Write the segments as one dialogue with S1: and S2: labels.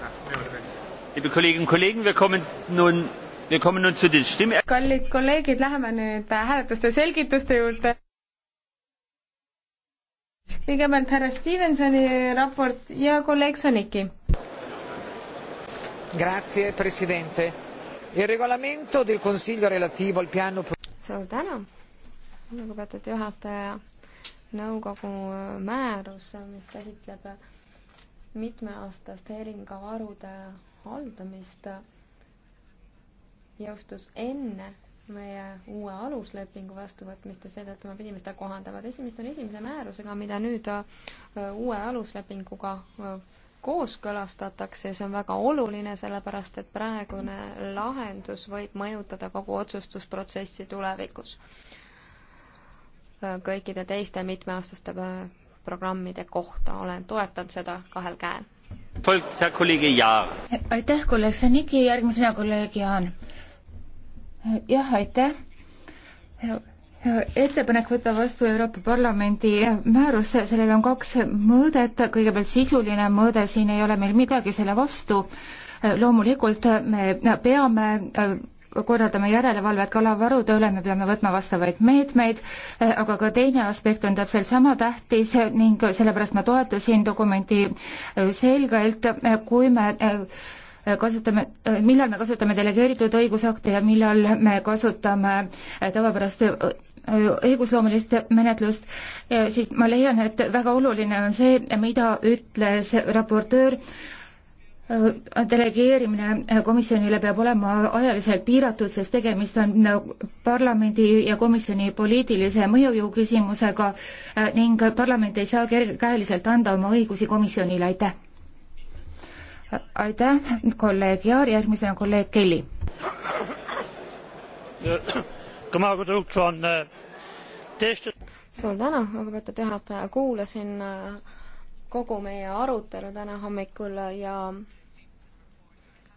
S1: kallid
S2: kolleegid, läheme nüüd äh, hääletuste selgituste juurde. kõigepealt härra Stevensoni raport ja kolleeg Soniki.
S1: Grazie, president.
S2: Il regolamento del consiglio relativo al piano.
S3: suur tänu, lugupeetud juhataja. nõukogu äh, määrus, mis käsitleb mitmeaastast heeringavarude haldamist jõustus enne meie uue aluslepingu vastuvõtmist ja seetõttu me pidime seda kohandama. tegemist on esimese määrusega, mida nüüd äh, uue aluslepinguga äh, kooskõlastatakse ja see on väga oluline, sellepärast et praegune lahendus võib mõjutada kogu otsustusprotsessi tulevikus äh, kõikide teiste mitmeaastaste programmide kohta, olen toetanud seda
S4: kahel käel. aitäh, kolleeg Saniki, järgmisena kolleeg Jaan. jah, aitäh ettepanek võtta vastu Euroopa Parlamendi määrus, sellel on kaks mõõdet, kõigepealt sisuline mõõde, siin ei ole meil midagi selle vastu, loomulikult me peame korraldame järelevalvet kalavarude üle, me peame võtma vastavaid meetmeid, eh, aga ka teine aspekt on täpselt sama tähtis ning sellepärast ma toetasin dokumenti eh, selgelt, eh, kui me kasutame, millal me kasutame delegeeritud õigusakte ja millal me kasutame tavapärast õigusloomelist menetlust, siis ma leian, et väga oluline on see, mida ütles raportöör Äh, delegeerimine äh, komisjonile peab olema ajaliselt piiratud, sest tegemist on äh, parlamendi ja komisjoni poliitilise mõjujõu küsimusega ning parlament ei saa kergekäeliselt anda oma õigusi komisjonile, aitäh. aitäh, kolleeg Jaar, järgmisena kolleeg Kelly.
S3: suur tänu, lugupeetud juhataja, kuulasin kogu meie arutelu täna hommikul ja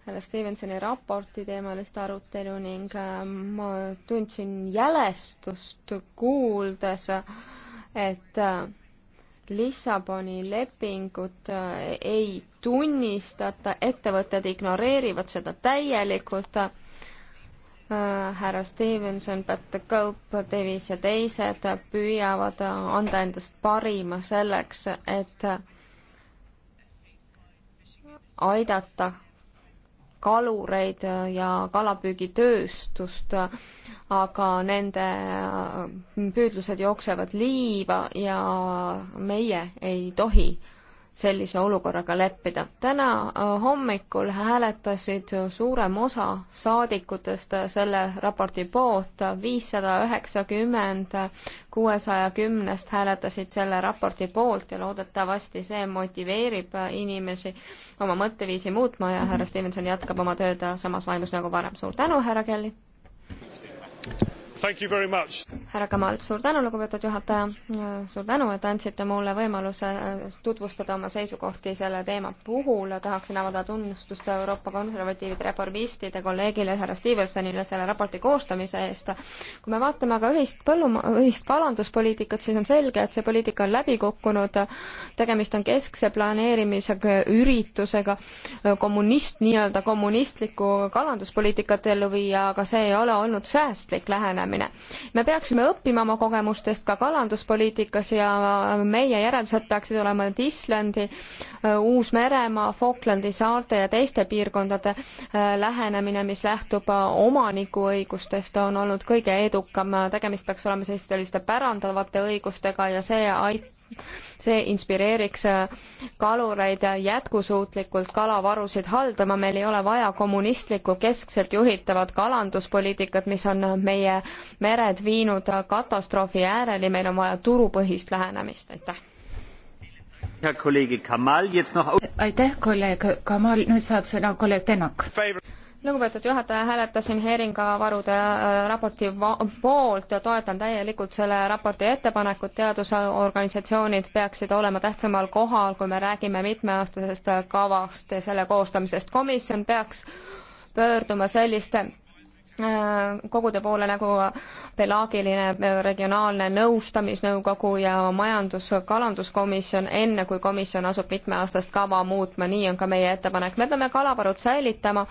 S3: härra Stevensoni raporti teemalist arutelu ning ähm, ma tundsin jälestust kuuldes, et äh, Lissaboni lepingut äh, ei tunnistata, ettevõtted ignoreerivad seda täielikult. Äh, härra Stevenson, Pat Cope, Davis ja teised püüavad anda endast parima selleks, et aidata kalureid ja kalapüügitööstust, aga nende püüdlused jooksevad liiva ja meie ei tohi sellise olukorraga leppida. täna äh, hommikul hääletasid suurem osa saadikutest selle raporti poolt, viissada üheksakümmend kuuesaja kümnest hääletasid selle raporti poolt ja loodetavasti see motiveerib inimesi oma mõtteviisi muutma ja härra Stevenson jätkab oma tööd samas vaimus nagu varem. suur tänu, härra Kelly! härra Kamal, suur tänu, lugupeetud juhataja, suur tänu, et andsite mulle võimaluse äh, tutvustada oma seisukohti selle teema puhul. tahaksin avada tunnustust Euroopa konservatiivide reformistide kolleegile härra Stevensonile selle raporti koostamise eest. kui me vaatame aga ühist põlluma-, ühist kalanduspoliitikat, siis on selge, et see poliitika on läbi kukkunud. tegemist on keskse planeerimisega, üritusega äh, kommunist, nii-öelda kommunistlikku kalanduspoliitikat ellu viia, aga see ei ole olnud säästlik lähenemine lähenemine. me peaksime õppima oma kogemustest ka kalanduspoliitikas ja meie järeldused peaksid olema, et Islandi, Uus-Meremaa, Falklandi saarte ja teiste piirkondade äh, lähenemine, mis lähtub äh, omanikuõigustest, on olnud kõige edukam. tegemist peaks olema selliste pärandatavate õigustega ja see aitab see inspireeriks äh, kalureid jätkusuutlikult kalavarusid haldama, meil ei ole vaja kommunistlikku keskselt juhitavat kalanduspoliitikat, mis on meie mered viinud katastroofi ääreli, meil on vaja turupõhist lähenemist, aitäh.
S4: aitäh, kolleeg Kamal, nüüd saab sõna kolleeg Tenak
S3: lugupeetud juhataja, hääletasin Heringa varude äh, raporti poolt ja toetan täielikult selle raporti ettepanekut, teadusorganisatsioonid peaksid olema tähtsamal kohal, kui me räägime mitmeaastasest kavast ja selle koostamisest. komisjon peaks pöörduma selliste Äh, kogude poole nagu pelaagiline äh, regionaalne nõustamisnõukogu ja majandus-kalanduskomisjon, enne kui komisjon asub mitmeaastast kava muutma, nii on ka meie ettepanek. me peame kalavarud säilitama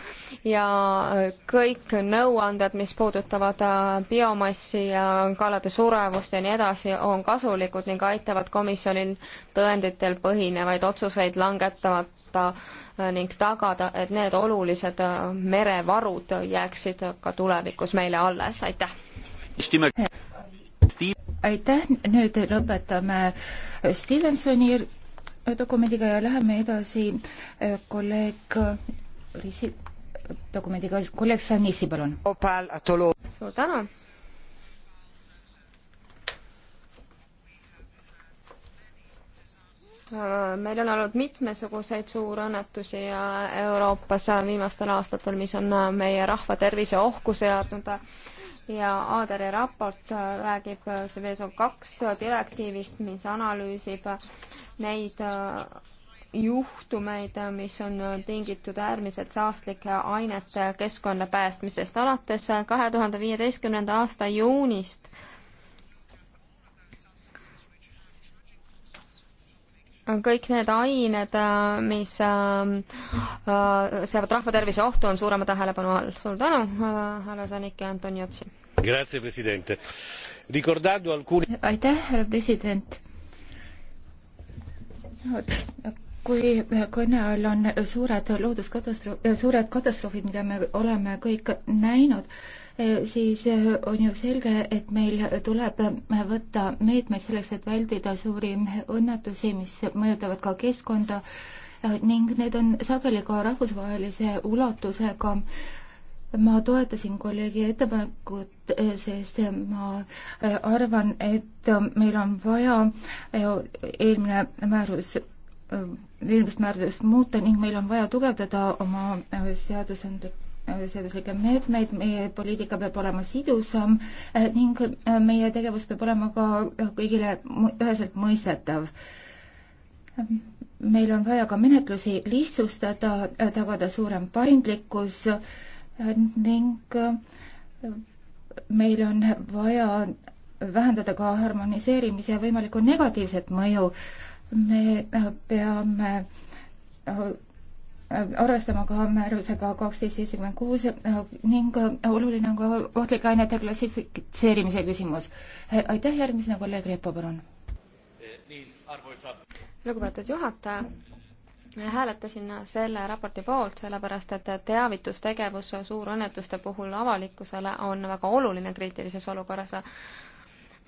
S3: ja äh, kõik nõuanded, mis puudutavad biomassi ja kalade surevust ja nii edasi, on kasulikud ning aitavad komisjonil tõenditel põhinevaid otsuseid langetada Äh, ning tagada, et need olulised äh, merevarud
S4: jääksid ka tulevikus meile alles, aitäh! aitäh, nüüd lõpetame Stevensoni dokumendiga ja läheme edasi äh, kolleeg Rissi dokumendiga, kolleeg Sannissi, palun!
S3: suur tänu! meil on olnud mitmesuguseid suurõnnetusi Euroopas viimastel aastatel, mis on meie rahva tervise ohku seadnud ja Aaderi raport räägib CO kaks direktiivist, mis analüüsib neid juhtumeid, mis on tingitud äärmiselt saastlike ainete keskkonda päästmisest. alates kahe tuhande viieteistkümnenda aasta juunist kõik need ained, äh, mis äh, äh, seavad rahvatervise ohtu, on suurema tähelepanu all. suur tänu, härra Sanik ja Anton Jotsi.
S4: aitäh, härra president kui kõne all on suured looduskatastroof, suured katastroofid, mida me oleme kõik näinud, siis eh, on ju selge, et meil tuleb võtta meetmeid selleks, et väldida suuri õnnetusi, mis mõjutavad ka keskkonda eh, ning need on sageli ka rahvusvahelise ulatusega ma toetasin kolleegi ettepanekut, eh, sest ma arvan, et meil on vaja eelmine määrus, eelmist määrust muuta ning meil on vaja tugevdada oma seadusandlikku seaduslikke meetmeid, meie poliitika peab olema sidusam äh, ning äh, meie tegevus peab olema ka kõigile üheselt mõistetav. meil on vaja ka menetlusi lihtsustada, äh, tagada suurem paindlikkus ning meil on vaja vähendada ka harmoniseerimise võimalikku negatiivset mõju. me peame arvestama ka määrusega kaksteist seitsekümmend kuus eh, ning eh, oluline on ka ohtlike ainete klassifitseerimise küsimus. Eh, aitäh, järgmisena kolleeg Repo, palun.
S3: lugupeetud juhataja, hääletasin selle raporti poolt, sellepärast et teavitustegevus suurõnnetuste puhul avalikkusele on väga oluline kriitilises olukorras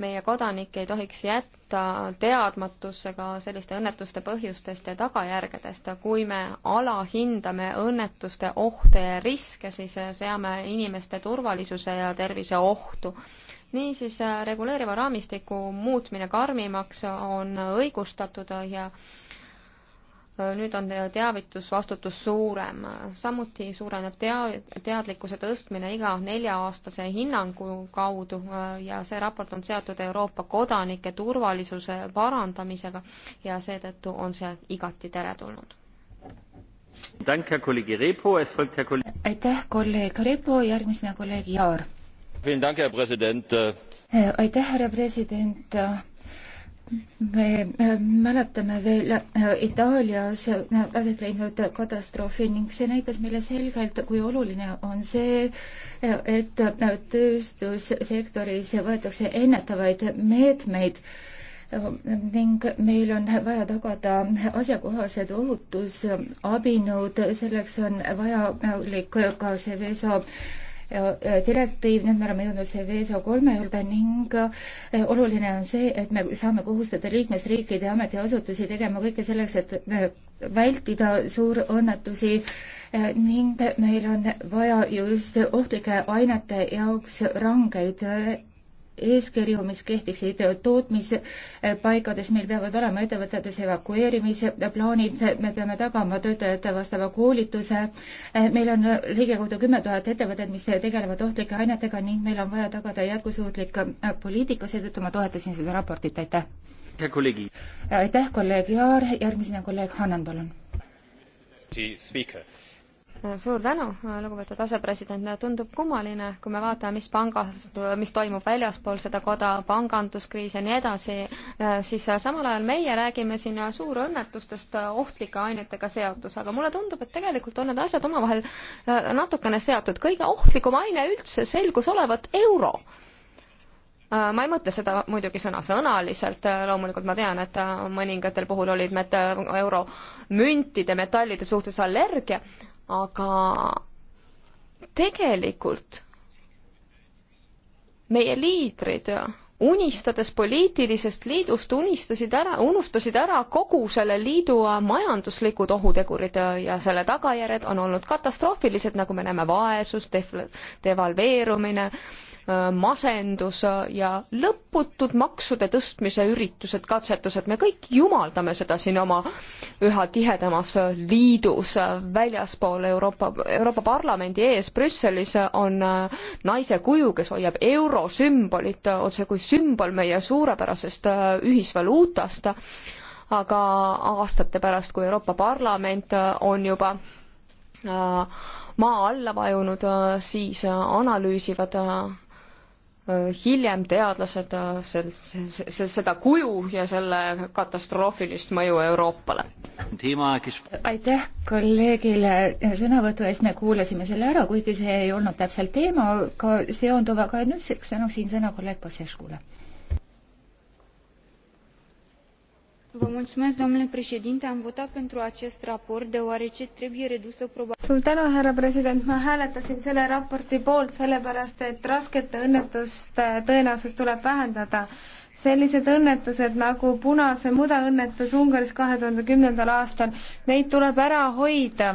S3: meie kodanikke ei tohiks jätta teadmatusse ka selliste õnnetuste põhjustest ja tagajärgedest. kui me alahindame õnnetuste ohte ja riske, siis seame inimeste turvalisuse ja tervise ohtu. niisiis reguleeriva raamistiku muutmine karmimaks on õigustatud ja nüüd on teavitusvastutus suurem. samuti suureneb tea-, teadlikkuse tõstmine iga nelja-aastase hinnangu kaudu äh, ja see raport on seotud Euroopa kodanike turvalisuse parandamisega ja seetõttu on see igati teretulnud.
S4: aitäh, kolleeg Repo, järgmisena kolleeg Jaar.
S1: Äh, aitäh, härra president.
S4: aitäh, härra president me äh, mäletame veel äh, Itaalias äh, aset leidnud katastroofi ning see näitas meile selgelt, kui oluline on see, et tööstussektoris võetakse ennetavaid meetmeid ning meil on vaja tagada asjakohased ohutusabinõud, selleks on vajalik ka see VESA direktiiv, nüüd me oleme jõudnud see VSO kolme juurde ning oluline on see, et me saame kohustada liikmesriikide ametiasutusi tegema kõike selleks, et vältida suurõnnetusi ning meil on vaja just ohtlike ainete jaoks rangeid eeskirju, mis kehtiksid tootmispaigades, meil peavad olema ettevõtetes evakueerimise plaanid, me peame tagama töötajate vastava koolituse, meil on ligikaudu kümme tuhat ettevõtet, mis tegelevad ohtlike ainetega ning meil on vaja tagada jätkusuutlik poliitika, seetõttu ma toetasin seda raportit, aitäh! aitäh, kolleeg Jaar, järgmisena kolleeg Hannan, palun! suur tänu, lugupeetud asepresident,
S3: tundub kummaline, kui me vaatame, mis pangas, mis toimub väljaspool seda koda, panganduskriis ja nii edasi, siis samal ajal meie räägime siin suurõnnetustest ohtlike ainetega seotus, aga mulle tundub, et tegelikult on need asjad omavahel äh, natukene seotud. kõige ohtlikum aine üldse selgus olevat euro äh, ma ei mõtle seda muidugi sõna-sõnaliselt, äh, loomulikult ma tean, et mõningatel puhul olid met-, euromüntide metallide suhtes allergia, aga tegelikult meie liidrid unistades poliitilisest liidust unistasid ära, unustasid ära kogu selle liidu majanduslikud ohutegurid ja selle tagajärjed on olnud katastroofilised, nagu me näeme, vaesus, devalveerumine äh,, Äh, masendus ja lõputud maksude tõstmise üritused, katsetused, me kõik jumaldame seda siin oma üha tihedamas liidus väljaspool Euroopa, Euroopa Parlamendi ees Brüsselis on äh, naise kuju, kes hoiab eurosümbolit otse kui sümbol meie suurepärasest äh, ühisvaluutast, aga aastate pärast, kui Euroopa Parlament on juba maa alla vajunud, siis analüüsivad hiljem teadlased sel, sel, seda kuju ja selle katastroofilist mõju Euroopale.
S4: aitäh kolleegile sõnavõtu eest, me kuulasime selle ära, kuigi see ei olnud täpselt teemaga seonduv, aga nüüd sõnaks siin sõna kolleeg Paseskule
S3: am votat pentru acest
S2: raport deoarece trebuie redusă probabilitatea ma hääletasin selle raporti poolt sellepärast et raskete õnnetuste tõenäosust tuleb vähendada sellised õnnetused nagu punase muda õnnetus Ungaris kahe tuhande kümnendal aastal neid tuleb ära hoida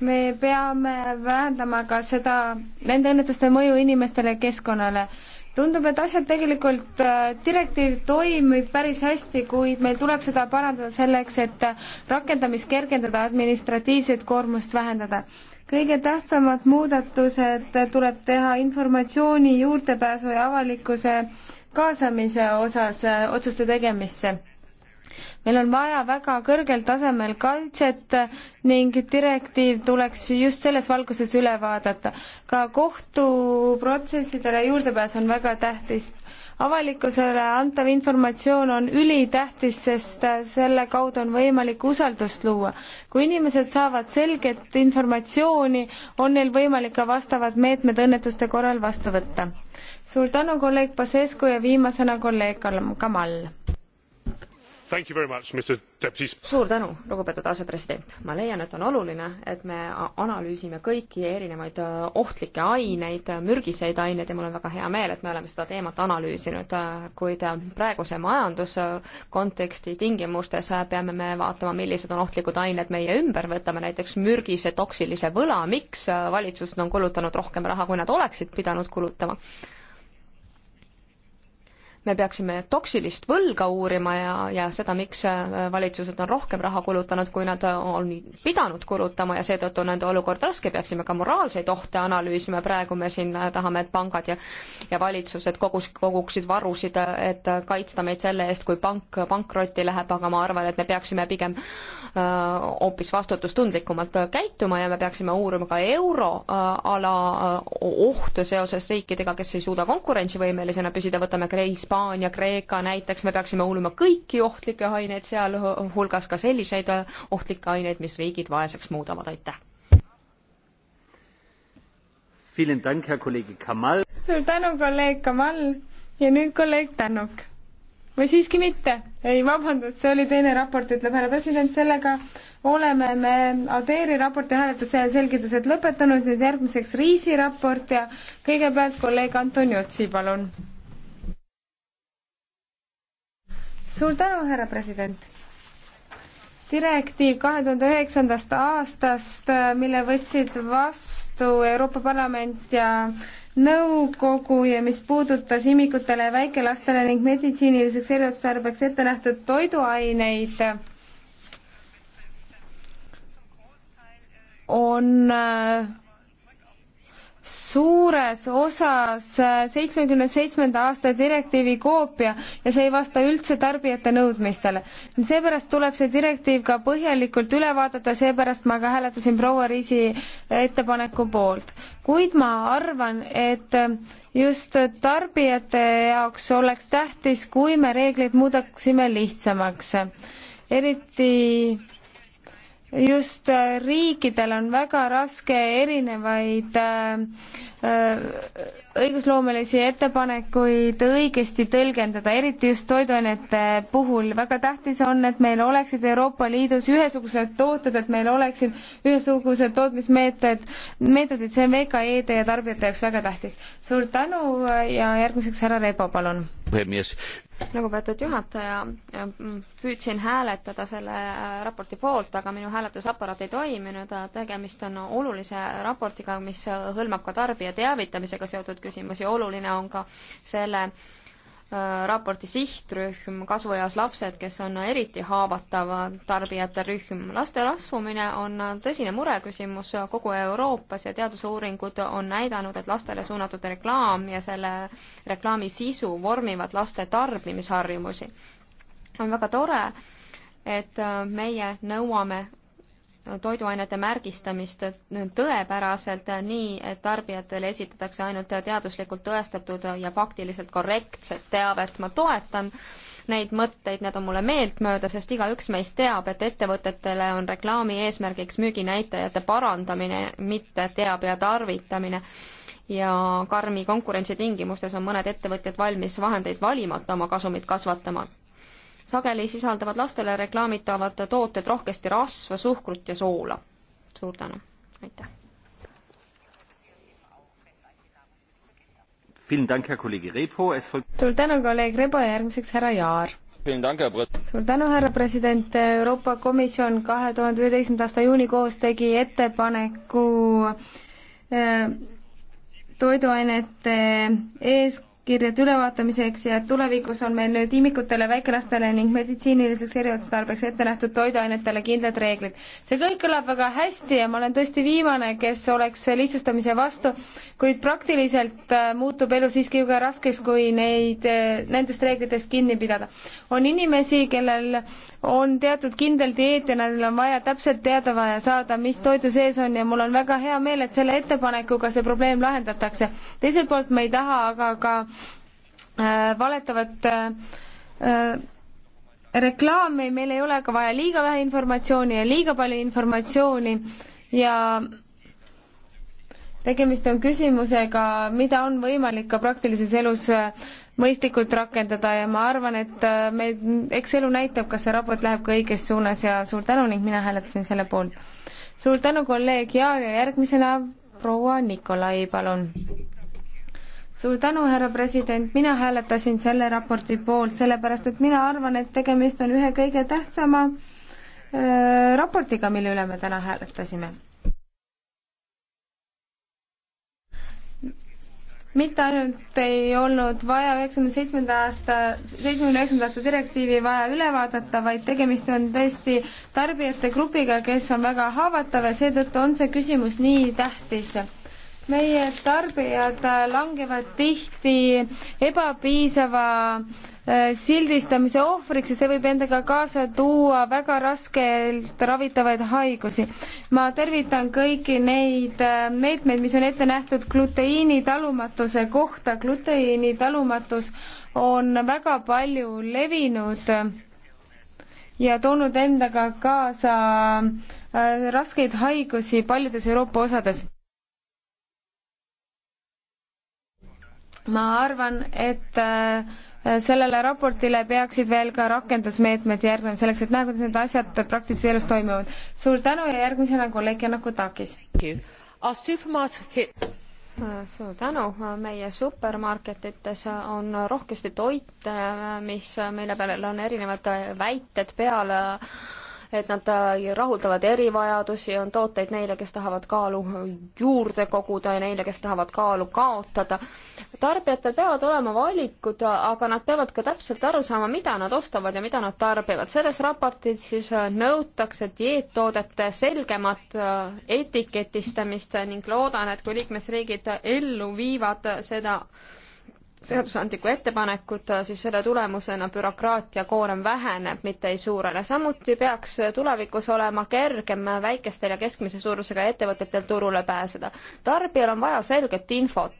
S2: me peame vähendama ka seda nende õnnetuste mõju inimestele ja keskkonnale tundub, et asjad tegelikult, äh, direktiiv toimib päris hästi, kuid meil tuleb seda parandada selleks, et äh, rakendamist kergendada, administratiivset koormust vähendada. kõige tähtsamad muudatused tuleb teha informatsiooni juurdepääsu ja avalikkuse kaasamise osas äh, otsuste tegemisse meil on vaja väga kõrgel tasemel kaitset ning direktiiv tuleks just selles valguses üle vaadata. ka kohtuprotsessidele juurdepääs on väga tähtis. avalikkusele antav informatsioon on ülitähtis, sest selle kaudu on võimalik usaldust luua. kui inimesed saavad selget informatsiooni, on neil võimalik ka vastavad meetmed õnnetuste korral vastu võtta. suur tänu, kolleeg Pasescu ja viimasena kolleeg
S3: Kamal suur tänu lugupeetud asepresident ma leian et on oluline et me analüüsime kõiki erinevaid äh, ohtlikke aineid mürgiseid aineid ja mul on väga hea meel et me oleme seda teemat analüüsinud äh, kuid äh, praeguse majanduskonteksti tingimustes peame me vaatama millised on ohtlikud ained meie ümber võtame näiteks mürgise toksilise võla miks valitsused on kulutanud rohkem raha kui nad oleksid pidanud kulutama me peaksime toksilist võlga uurima ja, ja seda, miks äh, valitsused on rohkem raha kulutanud, kui nad äh, on pidanud kulutama ja seetõttu on nende olukord raske, peaksime ka moraalseid ohte analüüsima, praegu me siin äh, tahame, et pangad ja ja valitsused kogus, koguksid varusid, et kaitsta meid selle eest, kui pank pankrotti läheb, aga ma arvan, et me peaksime pigem hoopis vastutustundlikumalt käituma ja me peaksime uurima ka euroala ohte seoses riikidega, kes ei suuda konkurentsivõimelisena püsida, võtame kriis Hispaania, Kreeka näiteks, me peaksime uurima kõiki ohtlikke aineid, sealhulgas ka selliseid äh, ohtlikke aineid, mis riigid vaeseks muudavad, aitäh!
S2: suur tänu, kolleeg Kamal ja nüüd kolleeg Tänuk. või siiski mitte, ei vabandust, see oli teine raport, ütleb härra president, sellega oleme me Adeeri raporti hääletuse selgitused lõpetanud, nüüd järgmiseks Riisi raport ja kõigepealt kolleeg Antoni Otsi, palun suur tänu, härra president! direktiiv kahe tuhande üheksandast aastast, mille võtsid vastu Euroopa Parlament ja nõukogu ja mis puudutas imikutele ja väikelastele ning meditsiiniliseks eluotstarbeks ette nähtud toiduaineid, on äh, suures osas seitsmekümne seitsmenda aasta direktiivi koopia ja see ei vasta üldse tarbijate nõudmistele. seepärast tuleb see direktiiv ka põhjalikult üle vaadata, seepärast ma ka hääletasin proua Riisi ettepaneku poolt. kuid ma arvan, et just tarbijate jaoks oleks tähtis, kui me reegleid muudaksime lihtsamaks. eriti just äh, riikidel on väga raske erinevaid äh, äh, õigusloomelisi ettepanekuid õigesti tõlgendada, eriti just toiduainete puhul. väga tähtis on, et meil oleksid Euroopa Liidus ühesugused tooted, et meil oleksid ühesugused tootmismeetod, meetodid, see on VKE-de ja tarbijate jaoks
S3: väga tähtis. suur tänu ja järgmiseks härra Rebo, palun. puhemies, lugupeetud juhataja, mm, püüdsin hääletada selle äh, raporti poolt, aga minu hääletusaparaat ei toiminud, tegemist on olulise raportiga, mis hõlmab ka tarbija teavitamisega seotud küsimusi, oluline on ka selle äh, raporti sihtrühm, kasvueas lapsed, kes on eriti haavatav tarbijate rühm. laste rasvumine on tõsine mureküsimus kogu Euroopas ja teadusuuringud on näidanud, et lastele suunatud reklaam ja selle reklaami sisu vormivad laste tarbimisharjumusi. on väga tore, et meie nõuame toiduainete märgistamist tõepäraselt, nii et tarbijatele esitatakse ainult teaduslikult tõestatud ja faktiliselt korrektset teavet, ma toetan neid mõtteid, need on mulle meeltmööda, sest igaüks meist teab, et ettevõtetele on reklaami eesmärgiks müüginäitajate parandamine, mitte teabe tarvitamine. ja karmi konkurentsitingimustes on mõned ettevõtjad valmis vahendeid valimata oma kasumit kasvatama sageli sisaldavad lastele reklaamitavad tooted rohkesti rasva, suhkrut ja soola. suur tänu, aitäh. suur tänu, kolleeg Rebo ja järgmiseks härra
S2: Jaar suur tänu, härra president. Euroopa Komisjon kahe tuhande üheteistkümnenda aasta juunikuus tegi ettepaneku äh, toiduainete ees kirjade ülevaatamiseks ja et tulevikus on meil nüüd imikutele, väikelastele ning meditsiiniliseks eriotstarbeks ette nähtud toiduainetele kindlad reeglid. see kõik kõlab väga hästi ja ma olen tõesti viimane, kes oleks lihtsustamise vastu, kuid praktiliselt äh, muutub elu siiski väga raskeks, kui neid, äh, nendest reeglitest kinni pidada. on inimesi, kellel on teatud kindel dieet ja neil on vaja täpselt teada vaja saada, mis toidu sees on ja mul on väga hea meel, et selle ettepanekuga see probleem lahendatakse. teiselt poolt ma ei taha aga ka äh, valetavat äh, reklaami, meil ei ole ka vaja liiga vähe informatsiooni ja liiga palju informatsiooni ja tegemist on küsimusega, mida on võimalik ka praktilises elus äh, mõistlikult rakendada ja ma arvan, et äh, me, eks elu näitab, kas see raport läheb ka õiges suunas ja suur tänu ning mina hääletasin selle poolt. suur tänu, kolleeg Jaan ja järgmisena proua Nikolai, palun. suur tänu, härra president, mina hääletasin selle raporti poolt, sellepärast et mina arvan, et tegemist on ühe kõige tähtsama äh, raportiga, mille üle me täna hääletasime mitte ainult ei olnud vaja üheksakümne seitsmenda aasta, seitsmekümne üheksanda aasta direktiivi vaja üle vaadata, vaid tegemist on tõesti tarbijate grupiga, kes on väga haavatav ja seetõttu on see küsimus nii tähtis meie tarbijad langevad tihti ebapiisava äh, sildistamise ohvriks ja see võib endaga kaasa tuua väga raskelt ravitavaid haigusi. ma tervitan kõiki neid äh, meetmeid, mis on ette nähtud gluteiini talumatuse kohta. gluteiini talumatus on väga palju levinud ja toonud endaga kaasa äh, raskeid haigusi paljudes Euroopa osades ma arvan, et äh, sellele raportile peaksid veel ka rakendusmeetmed järgnema, selleks et näha, kuidas need asjad praktilises elus toimuvad. suur tänu
S3: ja järgmisena kolleeg Janaku Takis. Äh, suur tänu, meie supermarketites on rohkesti toite, äh, mis, mille peale on erinevad väited peale et nad äh, rahuldavad erivajadusi, on tooteid neile, kes tahavad kaalu juurde koguda ja neile, kes tahavad kaalu kaotada. tarbijatel peavad olema valikud, aga nad peavad ka täpselt aru saama, mida nad ostavad ja mida nad tarbivad. selles raportis siis äh, nõutakse dieettoodete selgemat äh, etiketistamist ning loodan, et kui liikmesriigid ellu viivad seda seadusandlikku ettepanekut, siis selle tulemusena bürokraatia koorem väheneb, mitte ei suurene. samuti peaks tulevikus olema kergem väikestel ja keskmise suurusega ettevõtetel turule pääseda. tarbijal on vaja selget infot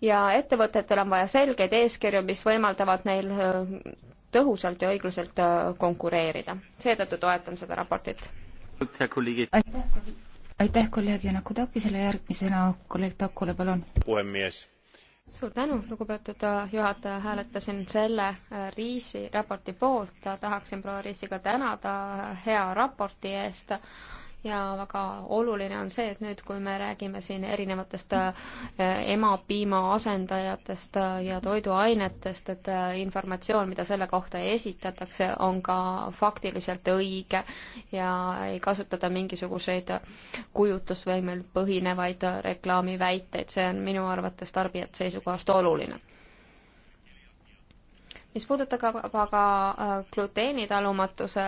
S3: ja ettevõtetel on vaja selgeid eeskirju, mis võimaldavad neil äh, tõhusalt ja õiglaselt äh, konkureerida. seetõttu toetan seda raportit.
S1: aitäh,
S4: aitäh kolleeg Janakudaki, selle järgmisena kolleeg Takule, palun.
S1: puhemees
S3: suur tänu, lugupeetud äh, juhataja, hääletasin selle äh, Riisi raporti poolt, tahaksin proua Riisiga tänada äh, hea raporti eest ja väga oluline on see, et nüüd, kui me räägime siin erinevatest äh, emapiima asendajatest äh, ja toiduainetest, et äh, informatsioon, mida selle kohta esitatakse, on ka faktiliselt õige ja ei kasutata mingisuguseid kujutlusvõimel põhinevaid reklaamiväiteid, see on minu arvates tarbijate seisukohast oluline mis puudutab aga äh, gluteenitalumatuse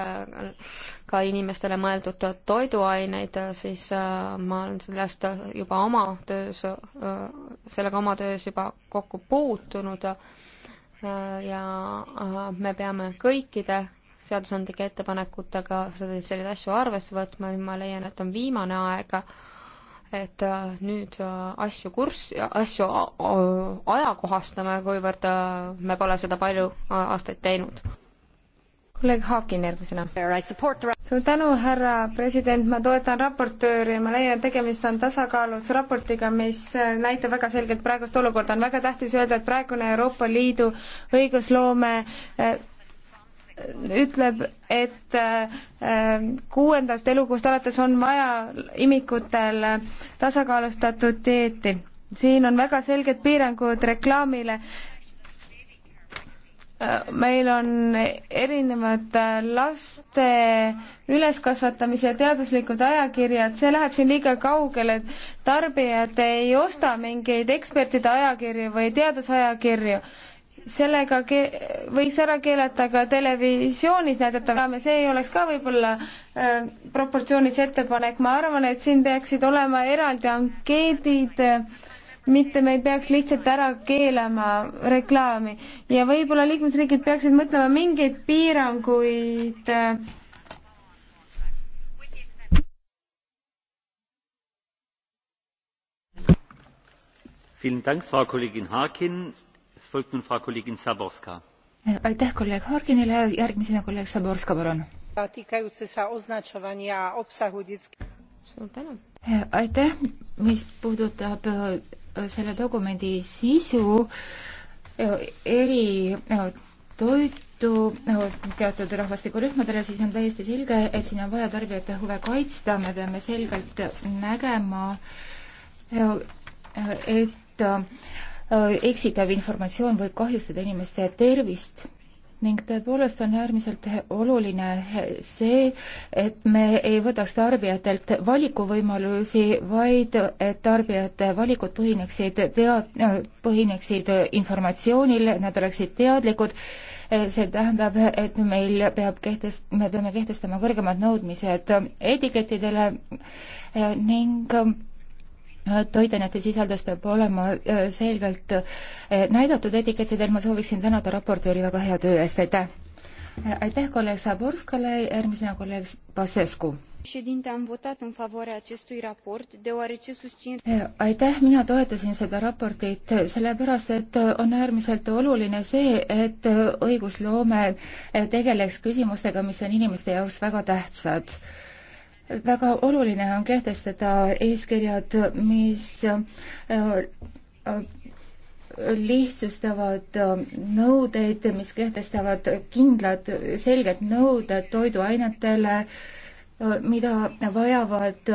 S3: ka inimestele mõeldud toiduaineid, siis äh, ma olen sellest juba oma töös, äh, sellega oma töös juba kokku puutunud ja me peame kõikide seadusandlike ettepanekutega selliseid asju arvesse võtma, ma leian, et on viimane aeg et äh, nüüd äh, asju kurssi, asju äh, ajakohastame, kuivõrd me pole seda palju aastaid teinud.
S2: kolleeg Haakin järgmisena. suur tänu, härra president, ma toetan raportööri ja ma leian, et tegemist on tasakaalus raportiga, mis näitab väga selgelt praegust olukorda. on väga tähtis öelda, et praegune Euroopa Liidu õigusloome ütleb, et ähm, kuuendast elukuust alates on vaja imikutel tasakaalustatud dieeti. siin on väga selged piirangud reklaamile. Äh, meil on erinevad äh, laste üleskasvatamise ja teaduslikud ajakirjad, see läheb siin liiga kaugele, et tarbijad ei osta mingeid ekspertide ajakirju või teadusajakirju sellega ke-, võiks ära keelata ka televisioonis näidatav raam ja see ei oleks ka võib-olla äh, proportsioonis ettepanek, ma arvan, et siin peaksid olema eraldi ankeedid äh, mitte me ei peaks lihtsalt ära keelama reklaami ja võib-olla liikmesriigid peaksid mõtlema mingeid piiranguid äh,
S1: Vielen Dank, Frau Kollegin Harkin
S4: aitäh kolleeg harkinile järgmisena kolleeg zaborska palun suur tänu aitäh mis puudutab äh, selle dokumendi sisu äh, eri äh, toitu teatud rahvastikurühmadele, siis on täiesti selge, et siin on vaja tarbijate huve kaitsta, me peame selgelt nägema, et Äh, eksitav informatsioon võib kahjustada inimeste tervist ning tõepoolest on äärmiselt oluline see, et me ei võtaks tarbijatelt valikuvõimalusi, vaid et tarbijate valikud põhineksid tead-, äh, põhineksid informatsioonil, nad oleksid teadlikud, äh, see tähendab, et meil peab kehtest-, me peame kehtestama kõrgemad nõudmised etiketidele ning toiduainete sisaldus peab olema äh, selgelt äh, näidatud etikettidel, ma sooviksin tänada raportööri väga hea töö eest, aitäh! Äh, aitäh kolleeg Saborskale, järgmisena kolleeg Pasescu. aitäh, mina toetasin seda raportit sellepärast, et on äärmiselt oluline see, et õigusloome tegeleks küsimustega, mis on inimeste jaoks väga tähtsad väga oluline on kehtestada eeskirjad, mis äh, lihtsustavad äh, nõudeid, mis kehtestavad kindlad, selged nõuded toiduainetele, äh, mida vajavad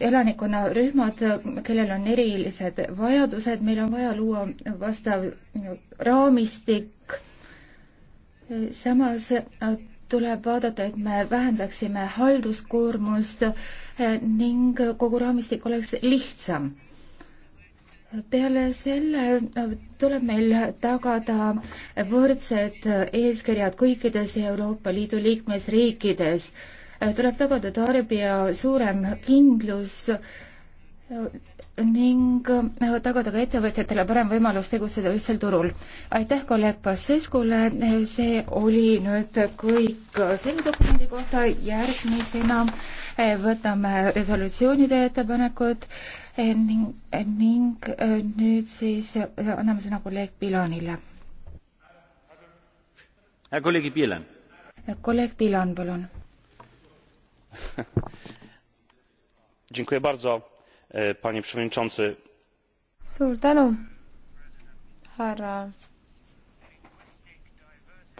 S4: elanikkonnarühmad, kellel on erilised vajadused, meil on vaja luua vastav raamistik, samas tuleb vaadata, et me vähendaksime halduskoormust eh, ning kogu raamistik oleks lihtsam. peale selle eh, tuleb meil tagada võrdsed eh, eeskirjad kõikides Euroopa Liidu liikmesriikides. tuleb tagada tarbija suurem kindlus ning äh, tagada ka ettevõtjatele parem võimalus tegutseda ühtsel turul. aitäh kolleeg Paseskule, see oli nüüd kõik selle dokumendi kohta, järgmisena äh, võtame resolutsioonide ettepanekud äh, ning, ning nüüd siis anname sõna kolleeg Pilanile.
S1: kolleeg Pilan.
S4: kolleeg Pilan, palun
S1: E, panie przewodniczący!
S2: suur tänu härra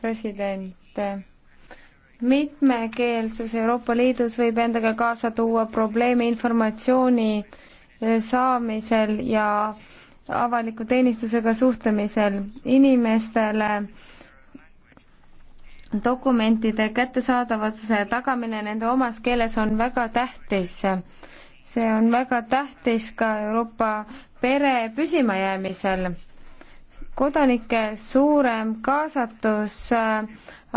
S2: president mitmekeelsus euroopa liidus võib endaga kaasa tuua probleeme informatsiooni e, saamisel ja avaliku teenistusega suhtlemisel inimestele dokumentide kättesaadavuse tagamine nende omas keeles on väga tähtis see on väga tähtis ka Euroopa pere püsimajäämisel. kodanike suurem kaasatus äh,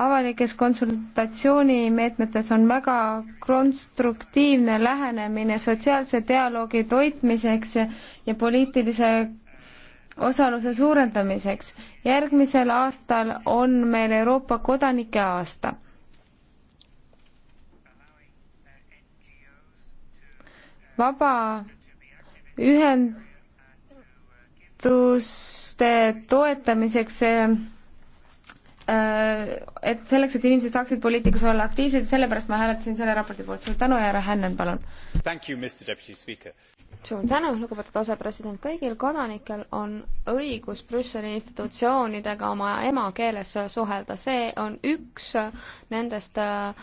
S2: avalikes konsultatsioonimeetmetes on väga konstruktiivne lähenemine sotsiaalse dialoogi toitmiseks ja poliitilise osaluse suurendamiseks. järgmisel aastal on meil Euroopa kodanike aasta vabaühenduste toetamiseks äh, et selleks, et inimesed saaksid poliitikas olla aktiivsed ja sellepärast ma hääletasin selle raporti poolt. suur tänu ja härra Hännen, palun!
S3: suur tänu, lugupeetud asepresident, kõigil kodanikel on õigus Brüsseli institutsioonidega oma emakeeles suhelda, see on üks nendest äh,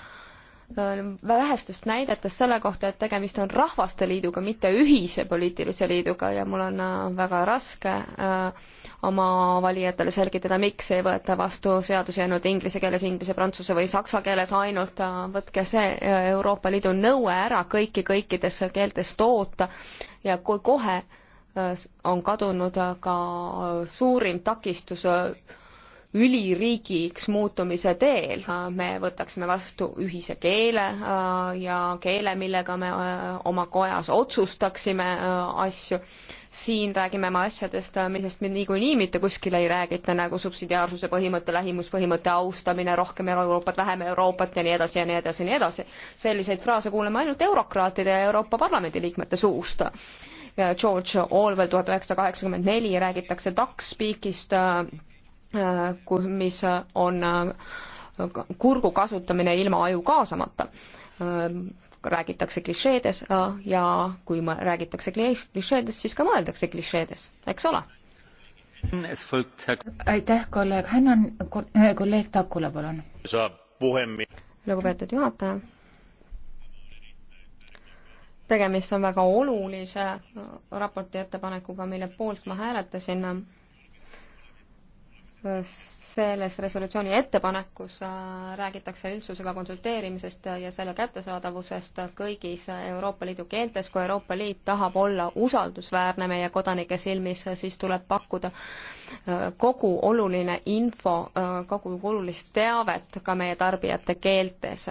S3: vähestest näidetest selle kohta, et tegemist on Rahvasteliiduga, mitte ühise poliitilise liiduga ja mul on äh, väga raske äh, oma valijatele selgitada, miks ei võeta vastu seadusi ainult inglise keeles, inglise, prantsuse või saksa keeles ainult, äh, võtke see Euroopa Liidu nõue ära kõiki kõikides keeltes toota ja kui kohe on kadunud ka suurim takistus üliriigiks muutumise teel. Äh, me võtaksime vastu ühise keele äh, ja keele, millega me äh, oma kojas otsustaksime asju. siin räägime me asjadest, millest me niikuinii mitte kuskil ei räägita, nagu subsidiaarsuse põhimõte, lähimuspõhimõte, austamine, rohkem Euroopat, vähem Euroopat ja nii edasi ja nii edasi ja nii edasi. selliseid fraase kuuleme ainult eurokraatide ja Euroopa Parlamendi liikmete suust George Orwell tuhat üheksasada kaheksakümmend neli räägitakse Duckspeakist äh, mis on äh, kurgu kasutamine ilma aju kaasamata. Äh, räägitakse klišeedes äh, ja kui räägitakse klišeedes, siis ka mõeldakse klišeedes,
S4: eks ole. aitäh, kolleeg Hännan, kolleeg Takula, palun. lugupeetud juhataja.
S3: tegemist on väga olulise raporti ettepanekuga, mille poolt ma hääletasin selles resolutsiooni ettepanekus äh, räägitakse üldsusega konsulteerimisest ja selle kättesaadavusest kõigis Euroopa Liidu keeltes. kui Euroopa Liit tahab olla usaldusväärne meie kodanike silmis, siis tuleb pakkuda äh, kogu oluline info, äh, kogu olulist teavet ka meie tarbijate keeltes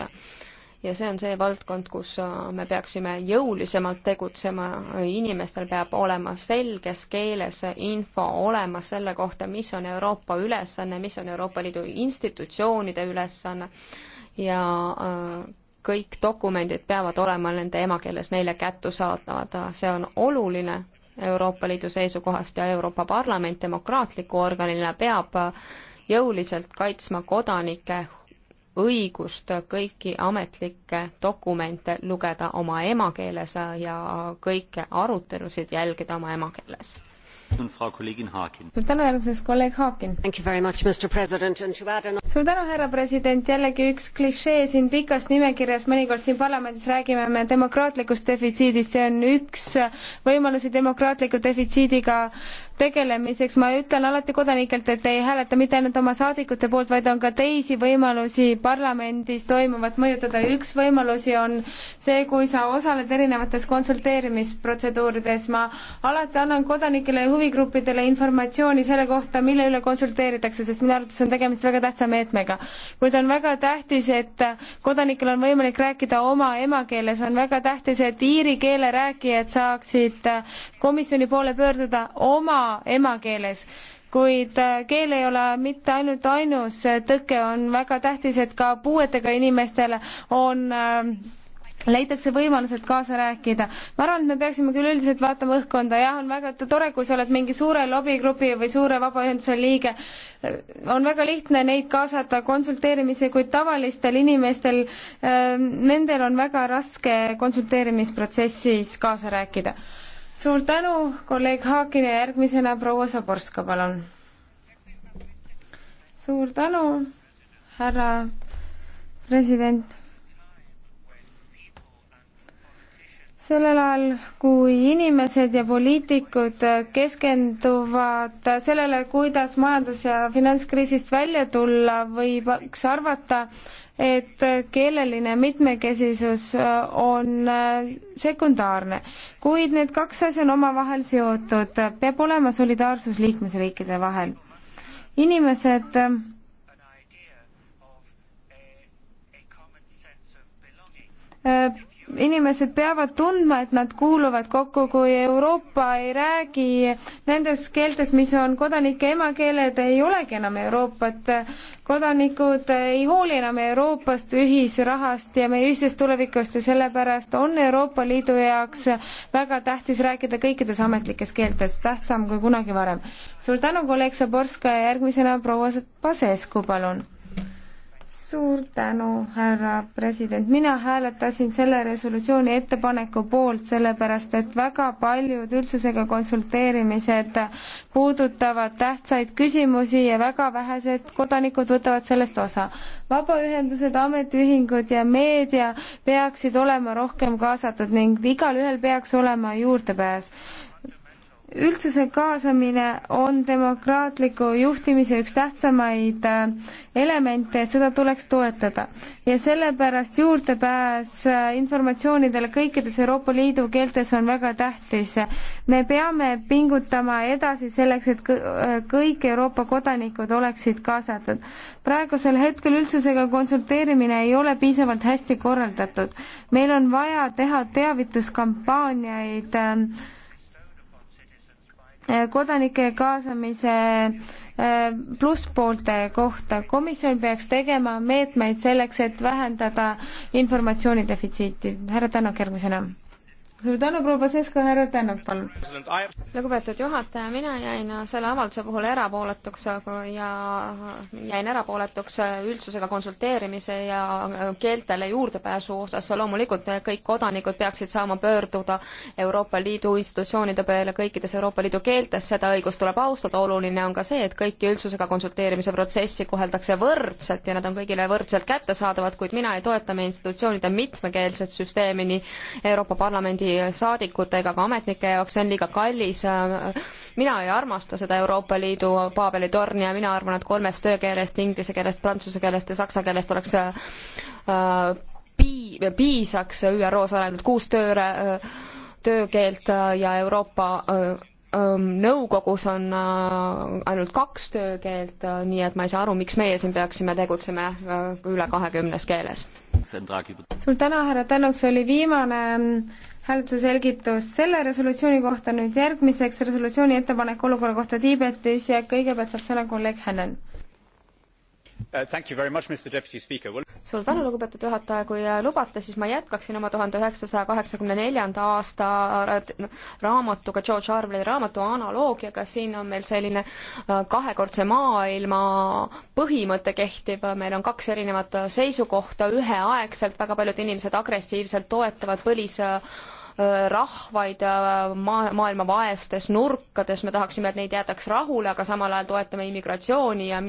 S3: ja see on see valdkond, kus äh, me peaksime jõulisemalt tegutsema, inimestel peab olema selges keeles info olemas selle kohta, mis on Euroopa ülesanne, mis on Euroopa Liidu institutsioonide ülesanne ja äh, kõik dokumendid peavad olema nende emakeeles neile kättesaadavad, see on oluline Euroopa Liidu seisukohast ja Euroopa Parlament demokraatliku organina peab äh, jõuliselt kaitsma kodanike õigust kõiki ametlikke dokumente lugeda oma emakeeles ja kõiki arutelusid jälgida oma emakeeles. suur tänu järgmiseks, kolleeg Haakin.
S2: suur tänu, härra president, jällegi üks klišee siin pikas nimekirjas, mõnikord siin parlamendis räägime me demokraatlikust defitsiidist, see on üks võimalusi demokraatliku defitsiidiga tegelemiseks. ma ütlen alati kodanikelt, et ei hääleta mitte ainult oma saadikute poolt, vaid on ka teisi võimalusi parlamendis toimuvat mõjutada ja üks võimalusi on see, kui sa osaled erinevates konsulteerimisprotseduurides. ma alati annan kodanikele ja huvigruppidele informatsiooni selle kohta, mille üle konsulteeritakse, sest minu arvates on tegemist väga tähtsa meetmega. kuid on väga tähtis, et kodanikel on võimalik rääkida oma emakeeles, on väga tähtis, et iiri keele rääkijad saaksid komisjoni poole pöörduda oma oma emakeeles kuid äh, keel ei ole mitte ainult ainus tõke, on väga tähtis, et ka puuetega inimestele on äh, leitakse võimalused kaasa rääkida. ma arvan, et me peaksime küll üldiselt vaatama õhkkonda, jah, on väga tore, kui sa oled mingi suure lobigrupi või suure vabaühenduse liige. Äh, on väga lihtne neid kaasata konsulteerimise, kuid tavalistel inimestel, nendel on väga raske konsulteerimisprotsessis kaasa rääkida suur tänu, kolleeg Haakin ja järgmisena proua Saborska, palun. suur tänu, härra president. sellel ajal, kui inimesed ja poliitikud keskenduvad sellele, kuidas majandus- ja finantskriisist välja tulla, võiks arvata, et keeleline mitmekesisus äh, on äh, sekundaarne, kuid need kaks asja on omavahel seotud, peab olema solidaarsus liikmesriikide vahel. inimesed äh, inimesed peavad tundma, et nad kuuluvad kokku, kui Euroopa ei räägi nendes keeltes, mis on kodanike emakeeled, ei olegi enam Euroopat. kodanikud ei hooli enam Euroopast, ühisrahast ja meie ühisest tulevikust ja sellepärast on Euroopa Liidu jaoks väga tähtis rääkida kõikides ametlikes keeltes, tähtsam kui kunagi varem. suur tänu, kolleeg Saborska ja järgmisena proua Pasescu, palun suur tänu, härra president. mina hääletasin selle resolutsiooni ettepaneku poolt, sellepärast et väga paljud üldsusega konsulteerimised puudutavad tähtsaid küsimusi ja väga vähesed kodanikud võtavad sellest osa. vabaühendused, ametiühingud ja meedia peaksid olema rohkem kaasatud ning igalühel peaks olema juurdepääs üldsuse kaasamine on demokraatliku juhtimise üks tähtsamaid äh, elemente ja seda tuleks toetada. ja sellepärast juurdepääs äh, informatsioonidele kõikides Euroopa Liidu keeltes on väga tähtis. me peame pingutama edasi selleks, et äh, kõik Euroopa kodanikud oleksid kaasatud. praegusel hetkel üldsusega konsulteerimine ei ole piisavalt hästi korraldatud. meil on vaja teha teavituskampaaniaid äh, Eh, kodanike kaasamise eh, plusspoolte kohta. komisjon peaks tegema meetmeid selleks, et vähendada informatsiooni defitsiiti. härra Tänak järgmisena suur tänu, proua Pasesko, härra Tänak, palun.
S3: lugupeetud juhataja, mina jäin selle avalduse puhul erapooletuks ja jäin erapooletuks üldsusega konsulteerimise ja keeltele juurdepääsu osas. loomulikult kõik kodanikud peaksid saama pöörduda Euroopa Liidu institutsioonide peale kõikides Euroopa Liidu keeltes, seda õigust tuleb austada. oluline on ka see, et kõiki üldsusega konsulteerimise protsessi koheldakse võrdselt ja nad on kõigile võrdselt kättesaadavad, kuid mina ei toeta meie institutsioonide mitmekeelset süsteemi nii Euroopa Parlamendi kõigi saadikute ega ka ametnike jaoks, see on liiga kallis. mina ei armasta seda Euroopa Liidu Paabeli torni ja mina arvan, et kolmest töökeelest, inglise keelest, prantsuse keelest ja saksa keelest oleks äh, pii-, piisaks ÜRO-s arenenud kuus töö, äh, töökeelt äh, ja Euroopa ähm, nõukogus on ainult kaks töökeelt, nii et ma ei saa aru, miks meie siin peaksime tegutsema üle kahekümnes keeles.
S1: suur
S3: tänu, härra Tänuks, see oli
S2: viimane ähm, hääletuse selgitus selle resolutsiooni kohta nüüd järgmiseks, resolutsiooni ettepanek olukorra kohta Tiibetis ja kõigepealt saab sõna kolleeg Hännen.
S1: Uh, much, well...
S3: suur tänu, lugupeetud juhataja, kui äh, lubate, siis ma jätkaksin oma tuhande üheksasaja kaheksakümne neljanda aasta raamatuga, George Orwelli raamatu analoogiaga, siin on meil selline äh, kahekordse maailma põhimõte kehtib, meil on kaks erinevat äh, seisukohta üheaegselt, väga paljud inimesed agressiivselt toetavad põlis rahvaid äh, maa, maailma vaestes nurkades, me tahaksime, et neid jäetaks rahule, aga samal ajal toetame immigratsiooni ja,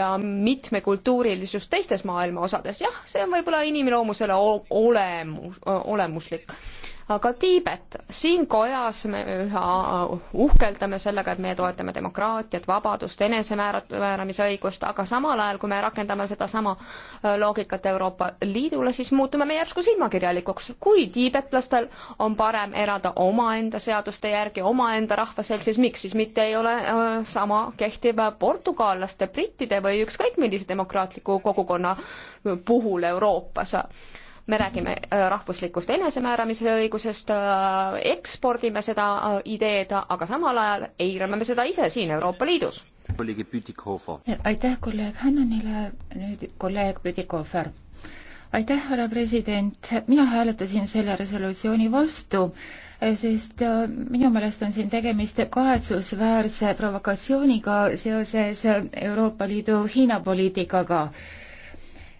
S3: ja mitmekultuurilisust teistes maailma osades. jah, see on võib-olla inimloomusele olemus, olemuslik aga Tiibet, siin kojas me üha uhkeldame sellega, et meie toetame demokraatiat, vabadust, enesemääramisõigust, aga samal ajal, kui me rakendame sedasama äh, loogikat Euroopa Liidule, siis muutume me järsku silmakirjalikuks. kui tiibetlastel on parem elada omaenda seaduste järgi, omaenda rahvaseltsis, miks siis mitte ei ole äh, sama kehtiv portugallaste, brittide või ükskõik millise demokraatliku kogukonna puhul Euroopas? me räägime äh, rahvuslikust enesemääramise õigusest, äh, ekspordime seda äh, ideed, aga samal ajal
S4: eirame me seda ise siin Euroopa Liidus. aitäh kolleeg Hannanile, nüüd kolleeg Pütikofer aitäh, härra president, mina hääletasin selle resolutsiooni vastu, sest minu meelest on siin tegemist kahetsusväärse provokatsiooniga seoses Euroopa Liidu Hiina poliitikaga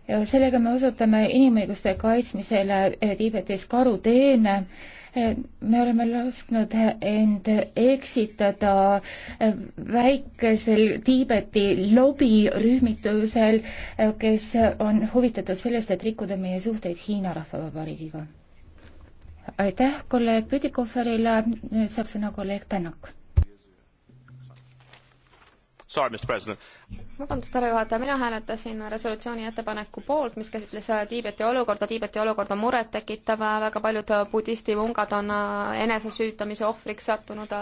S4: ja sellega me osutame inimõiguste kaitsmisele eh, Tiibetis karuteene. Eh, me oleme lasknud eh, end eksitada väikesel Tiibeti lobirühmitusel, kes on huvitatud sellest, et rikkuda meie suhteid Hiina Rahvavabariigiga. aitäh kolleeg Pütikoferile, nüüd saab sõna kolleeg Tänak.
S1: Sorry, Mr President
S4: vabandust, härra juhataja, mina hääletasin
S3: resolutsiooni ettepaneku poolt, mis käsitles äh, Tiibeti olukorda, Tiibeti olukord on murettekitav, äh, väga paljud äh, budisti vungad on enesesüütamise ohvriks sattunud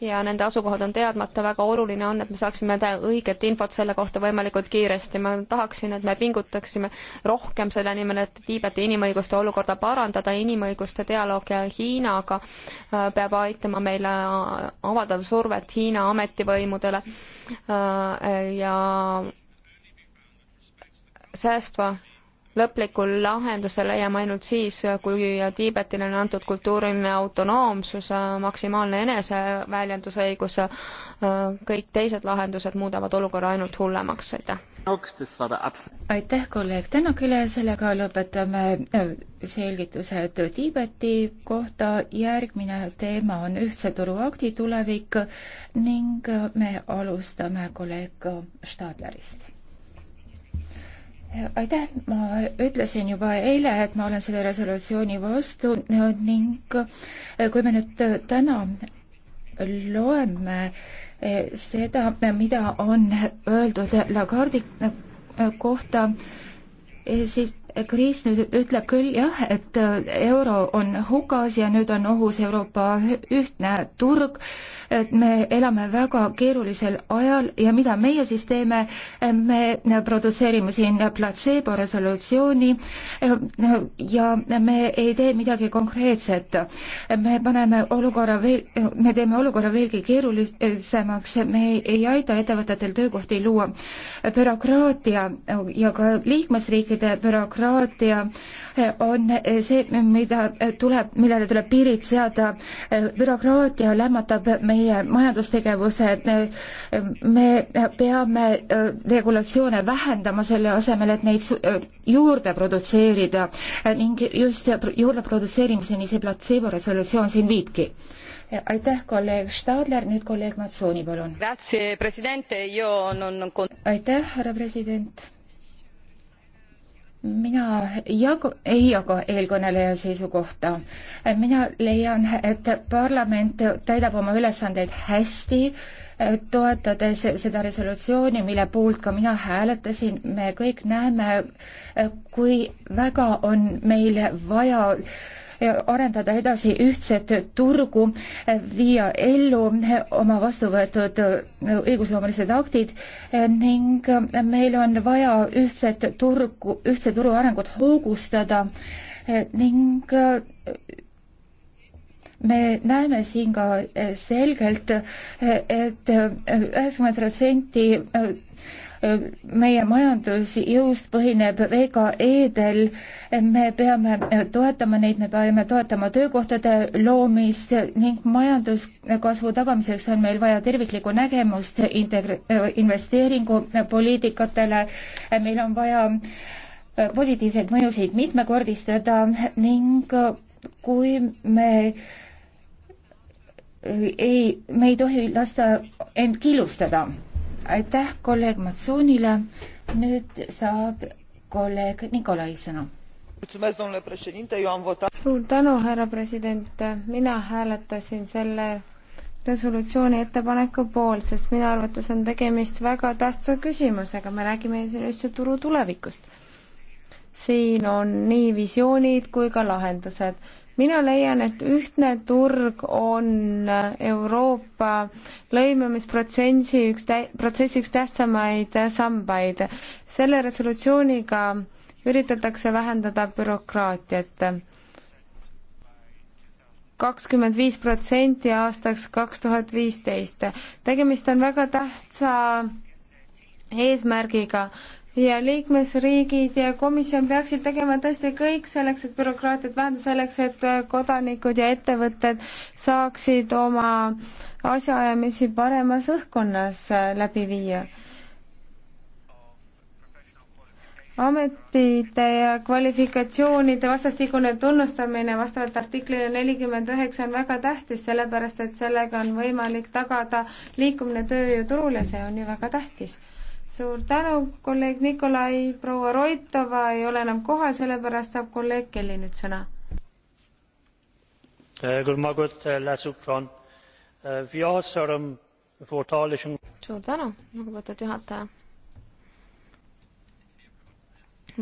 S3: ja nende asukohad on teadmata, väga oluline on, et me saaksime õiget infot selle kohta võimalikult kiiresti, ma tahaksin, et me pingutaksime rohkem selle nimel, et Tiibeti inimõiguste olukorda parandada, inimõiguste dialoog Hiinaga peab aitama meile avaldada survet Hiina ametivõimudele ja säästva lõpliku lahenduse leiame ainult siis, kui Tiibetile on antud kultuuriline autonoomsus, maksimaalne eneseväljendusõigus, kõik teised lahendused muudavad olukorra ainult hullemaks, aitäh
S4: aitäh kolleeg Tänakile, sellega lõpetame äh, selgitused Tiibeti kohta. järgmine teema on ühtse turuakti tulevik ning äh, me alustame kolleeg Stadlerist. aitäh, ma ütlesin juba eile, et ma olen selle resolutsiooni vastu ning äh, kui me nüüd täna loeme seda, mida on öeldud Lagardi kohta, siis kriis nüüd ütleb küll jah, et äh, euro on hukas ja nüüd on ohus Euroopa ühtne turg, et me elame väga keerulisel ajal ja mida meie siis teeme, me produtseerime siin platseebo resolutsiooni äh, ja me ei tee midagi konkreetset. me paneme olukorra veel, me teeme olukorra veelgi keerulisemaks, me ei aita ettevõtetel töökohti luua. bürokraatia ja ka liikmesriikide bürokraatia bürokraatia on see, mida tuleb, millele tuleb piirid seada. bürokraatia lämmatab meie majandustegevuse. me peame regulatsioone vähendama selle asemel, et neid juurde produtseerida ning just juurde produtseerimiseni see platseebo resolutsioon siin viibki aitäh, kolleeg Stadler, nüüd kolleeg Matsooni, palun. aitäh, härra president mina jagu-, ei jagu eelkõneleja seisukohta. mina leian, et parlament täidab oma ülesandeid hästi, eh, toetades seda resolutsiooni, mille poolt ka mina hääletasin, me kõik näeme, eh, kui väga on meil vaja arendada edasi ühtset turgu, viia ellu oma vastu võetud õigusloomelised aktid ning meil on vaja ühtset turgu, ühtse turu arengut hoogustada ning me näeme siin ka selgelt et, et üheksakümmend protsenti meie majandusjõust põhineb VKE-del, me peame toetama neid, me peame toetama töökohtade loomist ning majanduskasvu tagamiseks on meil vaja terviklikku nägemust integre-, investeeringupoliitikatele, meil on vaja positiivseid mõjusid mitmekordistada ning kui me ei, me ei tohi lasta end killustada aitäh kolleeg Matsoonile, nüüd saab kolleeg Nikolai sõna. suur
S2: tänu, härra president, mina hääletasin selle resolutsiooni ettepaneku poolt, sest minu arvates on tegemist väga tähtsa küsimusega, me räägime siin üldse turu tulevikust. siin on nii visioonid kui ka lahendused mina leian, et ühtne turg on Euroopa lõimumisprotsessi üks tä-, protsessi üks tähtsamaid sambaid. selle resolutsiooniga üritatakse vähendada bürokraatiat kakskümmend viis protsenti aastaks kaks tuhat viisteist. tegemist on väga tähtsa eesmärgiga, ja liikmesriigid ja komisjon peaksid tegema tõesti kõik selleks, et bürokraatiat vähendada, selleks, et äh, kodanikud ja ettevõtted saaksid oma asjaajamisi paremas õhkkonnas äh, läbi viia. ametite ja kvalifikatsioonide vastastikune tunnustamine vastavalt artiklile nelikümmend üheksa on väga tähtis, sellepärast et sellega on võimalik tagada liikumine tööjõuturul ja see on ju väga tähtis suur tänu, kolleeg Nikolai, proua Roitova ei ole enam kohal, sellepärast saab kolleeg Kelly nüüd sõna.
S1: suur
S3: tänu, lugupeetud juhataja.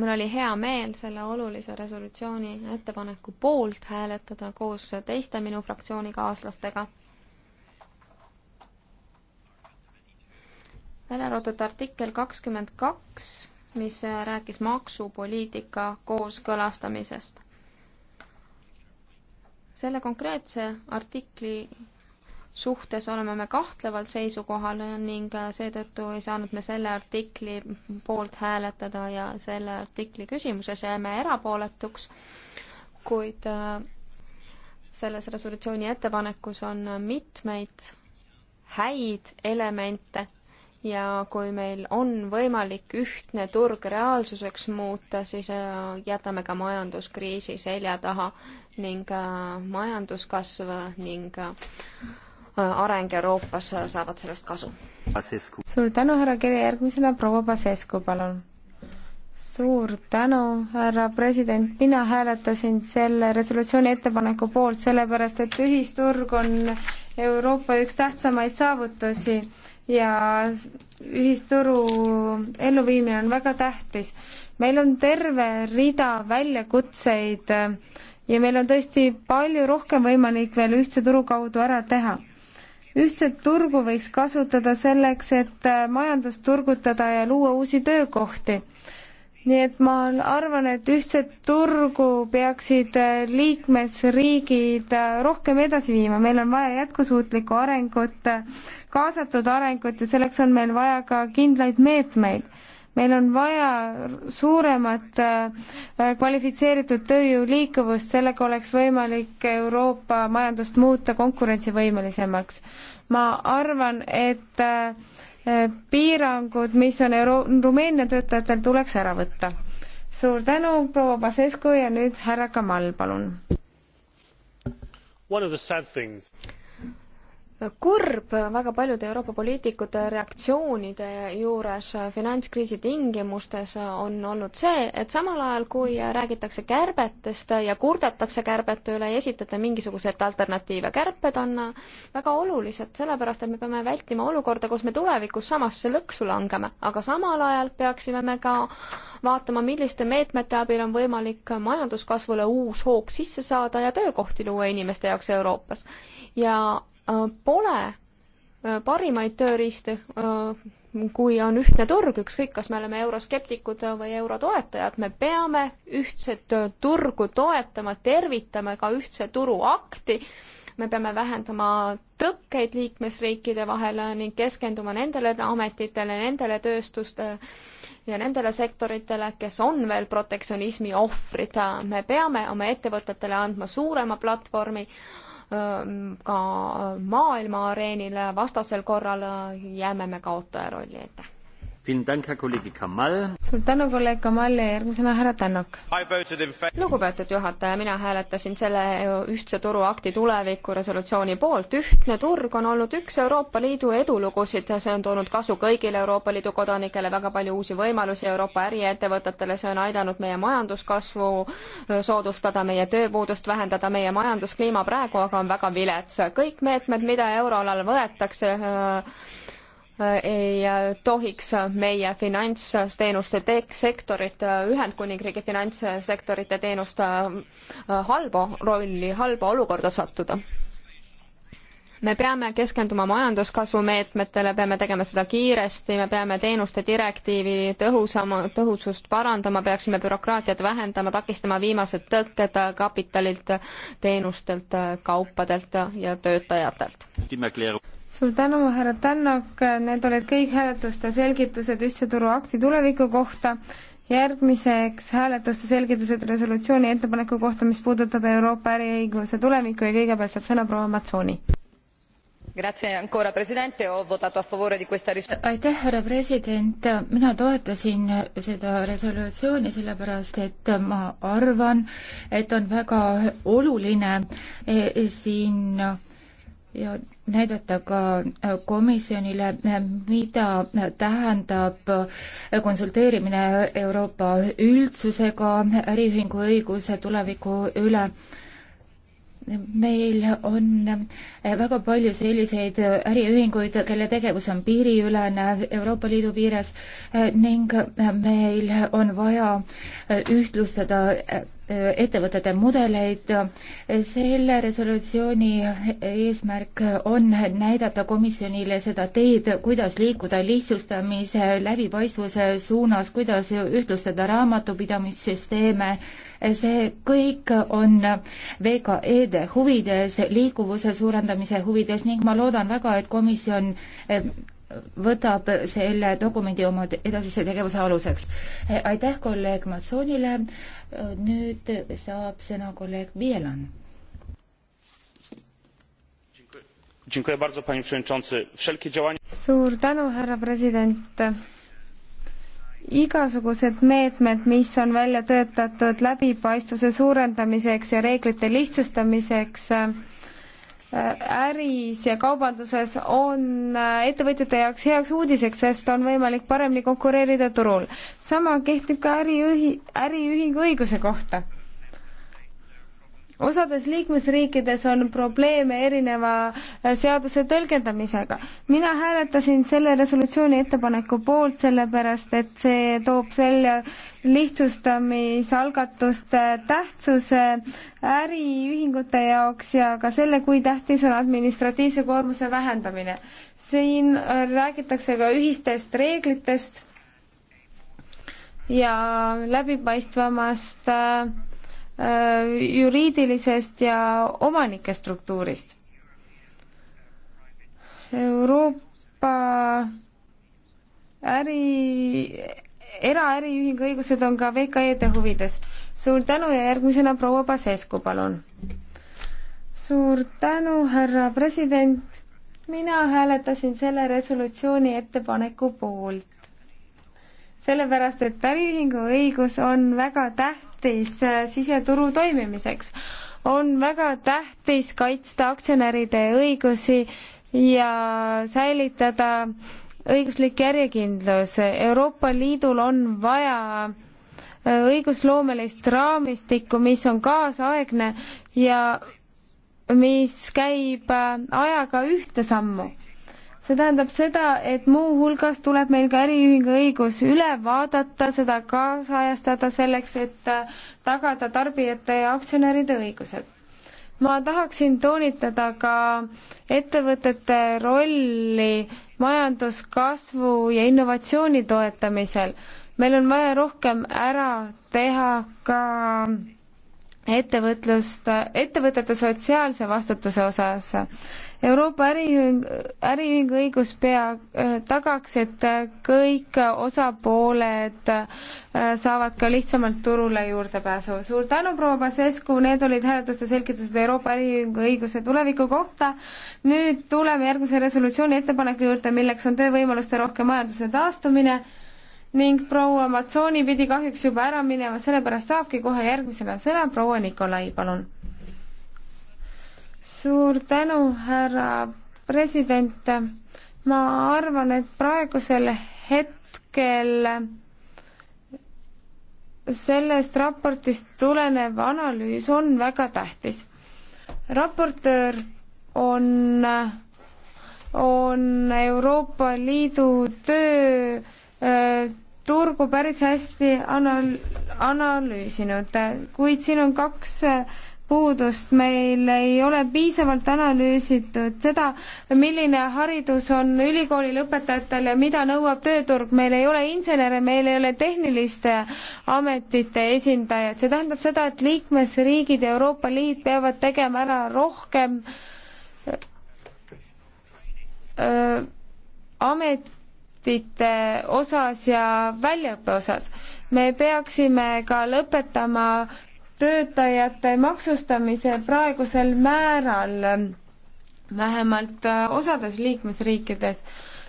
S3: mul oli hea meel selle olulise resolutsiooni ettepaneku poolt hääletada koos teiste minu fraktsioonikaaslastega välja arvatud artikkel kakskümmend kaks, mis rääkis maksupoliitika kooskõlastamisest. selle konkreetse artikli suhtes oleme me kahtleval seisukohal ning seetõttu ei saanud me selle artikli poolt hääletada ja selle artikli küsimuses jääme erapooletuks, kuid äh, selles resolutsiooni ettepanekus on mitmeid häid elemente ja kui meil on võimalik ühtne turg reaalsuseks muuta, siis äh, jätame ka majanduskriisi selja taha ning äh, majanduskasv ning äh, areng Euroopas saavad sellest kasu.
S2: suur tänu, härra Kiri, järgmisena proua Pasescu, palun. suur tänu, härra president, mina hääletasin selle resolutsiooni ettepaneku poolt, sellepärast et ühisturg on Euroopa üks tähtsamaid saavutusi ja ühisturu elluviimine on väga tähtis. meil on terve rida väljakutseid äh, ja meil on tõesti palju rohkem võimalik veel ühtse turu kaudu ära teha. ühtset turgu võiks kasutada selleks, et äh, majandust turgutada ja luua uusi töökohti nii et ma arvan, et ühtset turgu peaksid äh, liikmesriigid äh, rohkem edasi viima, meil on vaja jätkusuutlikku arengut, äh, kaasatud arengut ja selleks on meil vaja ka kindlaid meetmeid. meil on vaja suuremat kvalifitseeritud tööjõu liikuvust, sellega oleks võimalik Euroopa majandust muuta konkurentsivõimelisemaks. ma arvan, et Eh, piirangud, mis on Euro-, Rumeenia töötajatel, tuleks ära võtta. suur tänu, proua Pasescu ja nüüd härra Kamal, palun
S3: kurb väga paljude Euroopa poliitikute reaktsioonide juures finantskriisi tingimustes on olnud see, et samal ajal, kui räägitakse kärbetest ja kurdetakse kärbete üle, ei esitata mingisuguseid alternatiive. kärped on väga olulised, sellepärast et me peame vältima olukorda, kus me tulevikus samasse lõksu langeme, aga samal ajal peaksime me ka vaatama, milliste meetmete abil on võimalik majanduskasvule uus hoog sisse saada ja töökohti luua inimeste jaoks Euroopas. ja Äh, pole äh, parimaid tööriiste, äh, kui on ühtne turg, ükskõik, kas me oleme euroskeptikud või eurotoetajad, me peame ühtset turgu toetama, tervitame ka ühtse turu akti, me peame vähendama tõkkeid liikmesriikide vahel ning keskenduma nendele ametitele, nendele tööstustele ja nendele sektoritele, kes on veel protektsionismi ohvrid. me peame oma ettevõtetele andma suurema platvormi ka maailma areenil, vastasel korral äh, jääme me kaotaja rolli ette suur tänu, kolleeg Kamal ja järgmisena härra Tännok. lugupeetud juhataja, mina hääletasin selle ühtse turu akti tuleviku resolutsiooni poolt. ühtne turg on olnud üks Euroopa Liidu edulugusid, see on toonud kasu kõigile Euroopa Liidu kodanikele, väga palju uusi võimalusi Euroopa äriettevõtetele, see on aidanud meie majanduskasvu soodustada, meie tööpuudust vähendada, meie majanduskliima praegu aga on väga vilets. kõik meetmed, mida euroalal võetakse, ei äh, tohiks meie finantsteenuste sektorit, äh, Ühendkuningriigi finantssektorite teenuste äh, halba rolli, halba olukorda sattuda. me peame keskenduma majanduskasvu meetmetele, peame tegema seda kiiresti, me peame teenuste direktiivi tõhusama, tõhusust parandama, peaksime bürokraatiat vähendama, takistama viimased tõkked kapitalilt, teenustelt, kaupadelt ja töötajatelt suur tänu, härra
S2: Tännok, need olid kõik hääletuste selgitused ühtseturu akti tuleviku kohta. järgmiseks hääletuste selgitused resolutsiooni ettepaneku kohta, mis puudutab Euroopa äriõiguse tulevikku ja kõigepealt saab sõna proua Matsooni.
S4: aitäh, härra president, mina toetasin seda resolutsiooni sellepärast, et ma arvan, et on väga oluline eh, siin ja näidata ka äh, komisjonile, äh, mida äh, tähendab konsulteerimine Euroopa üldsusega äriühingu õiguse tuleviku üle. meil on väga palju selliseid äriühinguid, kelle tegevus on piiriülene Euroopa Liidu piires ning meil on vaja ühtlustada ettevõtete mudeleid. selle resolutsiooni eesmärk on näidata komisjonile seda teed, kuidas liikuda lihtsustamise, läbipaistvuse suunas, kuidas ühtlustada raamatupidamissüsteeme. see kõik on VKE-de huvides, liikuvuse suurendamise huvides ning ma loodan väga, et komisjon võtab selle dokumendi oma edasise tegevuse aluseks. aitäh kolleeg Matsoonile, nüüd saab sõna kolleeg Bielan.
S2: suur tänu, härra president. igasugused meetmed, mis on välja töötatud läbipaistvuse suurendamiseks ja reeglite lihtsustamiseks, äris ja kaubanduses on äh, ettevõtjate jaoks heaks uudiseks, sest on võimalik paremini konkureerida turul. sama kehtib ka äriühi-, äriühingu õiguse kohta osades liikmesriikides on probleeme erineva äh, seaduse tõlgendamisega. mina hääletasin selle resolutsiooni ettepaneku poolt, sellepärast et see toob välja lihtsustamisalgatuste tähtsuse äriühingute jaoks ja ka selle, kui tähtis on administratiivse koormuse vähendamine. siin äh, räägitakse ka ühistest reeglitest ja läbipaistvamast äh, Äh, juriidilisest ja omanike struktuurist. Euroopa äri, eraäriühingu õigused on ka VKE-de huvides. suur tänu ja järgmisena proua Pasescu, palun. suur tänu, härra president. mina hääletasin selle resolutsiooni ettepaneku poolt. sellepärast, et äriühingu õigus on väga tähtis tähtis äh, siseturu toimimiseks. on väga tähtis kaitsta aktsionäride õigusi ja säilitada õiguslik järjekindlus. Euroopa Liidul on vaja äh, õigusloomelist raamistikku, mis on kaasaegne ja mis käib äh, ajaga ühte sammu see tähendab seda, et muuhulgas tuleb meil ka äriühingu õigus üle vaadata, seda kaasajastada selleks, et äh, tagada tarbijate ja aktsionäride õigused. ma tahaksin toonitada ka ettevõtete rolli majanduskasvu ja innovatsiooni toetamisel. meil on vaja rohkem ära teha ka ettevõtlust, ettevõtete sotsiaalse vastutuse osas. Euroopa äriühing, äriühingu õigus pea äh, tagaks, et kõik osapooled äh, saavad ka lihtsamalt turule juurdepääsu. suur tänu, proua Pasescu, need olid hääletuste selgitused Euroopa äriühingu õiguse tuleviku kohta. nüüd tuleme järgmise resolutsiooni ettepaneku juurde, milleks on töövõimaluste rohke majanduse taastumine ning proua Matsooni pidi kahjuks juba ära minema, sellepärast saabki kohe järgmisena sõna proua Nikolai, palun. suur tänu, härra president. ma arvan, et praegusel hetkel sellest raportist tulenev analüüs on väga tähtis. raportöör on, on Euroopa Liidu töö Äh, turgu päris hästi anal-, analüüsinud, kuid siin on kaks äh, puudust, meil ei ole piisavalt analüüsitud seda, milline haridus on ülikooli lõpetajatel ja mida nõuab tööturg, meil ei ole insenere, meil ei ole tehniliste ametite esindajad, see tähendab seda, et liikmesriigid ja Euroopa Liit peavad tegema ära rohkem öö, äh, amet, vahendite osas ja väljaõppe osas. me peaksime ka lõpetama töötajate maksustamise praegusel määral, vähemalt äh, osades liikmesriikides.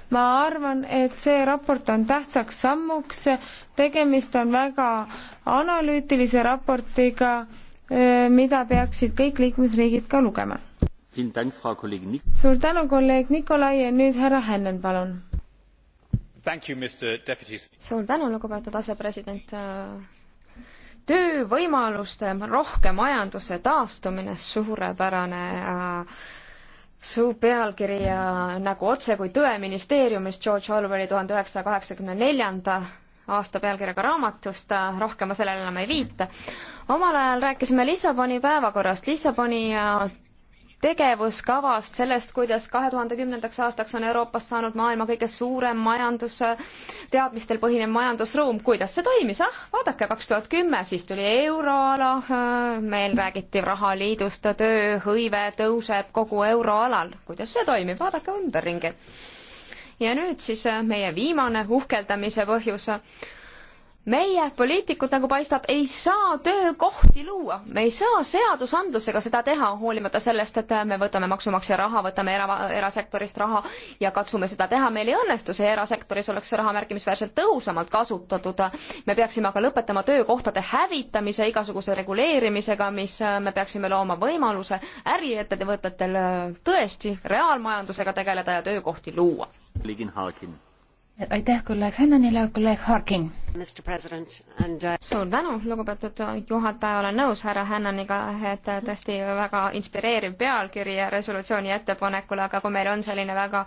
S2: ma arvan, et see raport on tähtsaks sammuks, tegemist on väga analüütilise raportiga, äh, mida peaksid kõik liikmesriigid ka lugema. suur tänu, kolleeg Nikolai ja nüüd härra Hännen,
S3: palun suur tänu, lugupeetud asepresident. töövõimaluste rohke majanduse taastumine, suurepärane äh, su pealkiri ja nagu otse kui tõe ministeeriumist George Orwelli tuhande üheksasaja kaheksakümne neljanda aasta pealkirjaga raamatust, äh, rohkem ma sellele enam ei viita. omal ajal rääkisime Lissaboni päevakorrast, Lissaboni äh, tegevuskavast, sellest, kuidas kahe tuhande kümnendaks aastaks on Euroopast saanud maailma kõige suurem majandus, teadmistel põhinev majandusruum, kuidas see toimis, ah, vaadake, kaks tuhat kümme, siis tuli euroala, meil räägiti rahaliidust, tööhõive tõuseb kogu euroalal, kuidas see toimib, vaadake ümberringi. ja nüüd siis eh, meie viimane uhkeldamise põhjus meie, poliitikud, nagu paistab, ei saa töökohti luua, me ei saa seadusandlusega seda teha, hoolimata sellest, et me võtame maksumaksja raha, võtame era, erasektorist raha ja katsume seda teha, meil ei õnnestu, see erasektoris oleks see raha märkimisväärselt tõhusamalt kasutatud. me peaksime aga lõpetama töökohtade hävitamise igasuguse reguleerimisega, mis äh, me peaksime looma võimaluse äriettevõtetel äh, tõesti reaalmajandusega tegeleda ja töökohti luua.
S1: Ligin Harkin
S4: aitäh kolleeg Hennanile, kolleeg Harkin.
S3: And... Uh, suur tänu, lugupeetud juhataja, olen nõus härra Hennaniga, et äh, tõesti väga inspireeriv pealkiri resolutsiooni ettepanekule, aga kui meil on selline väga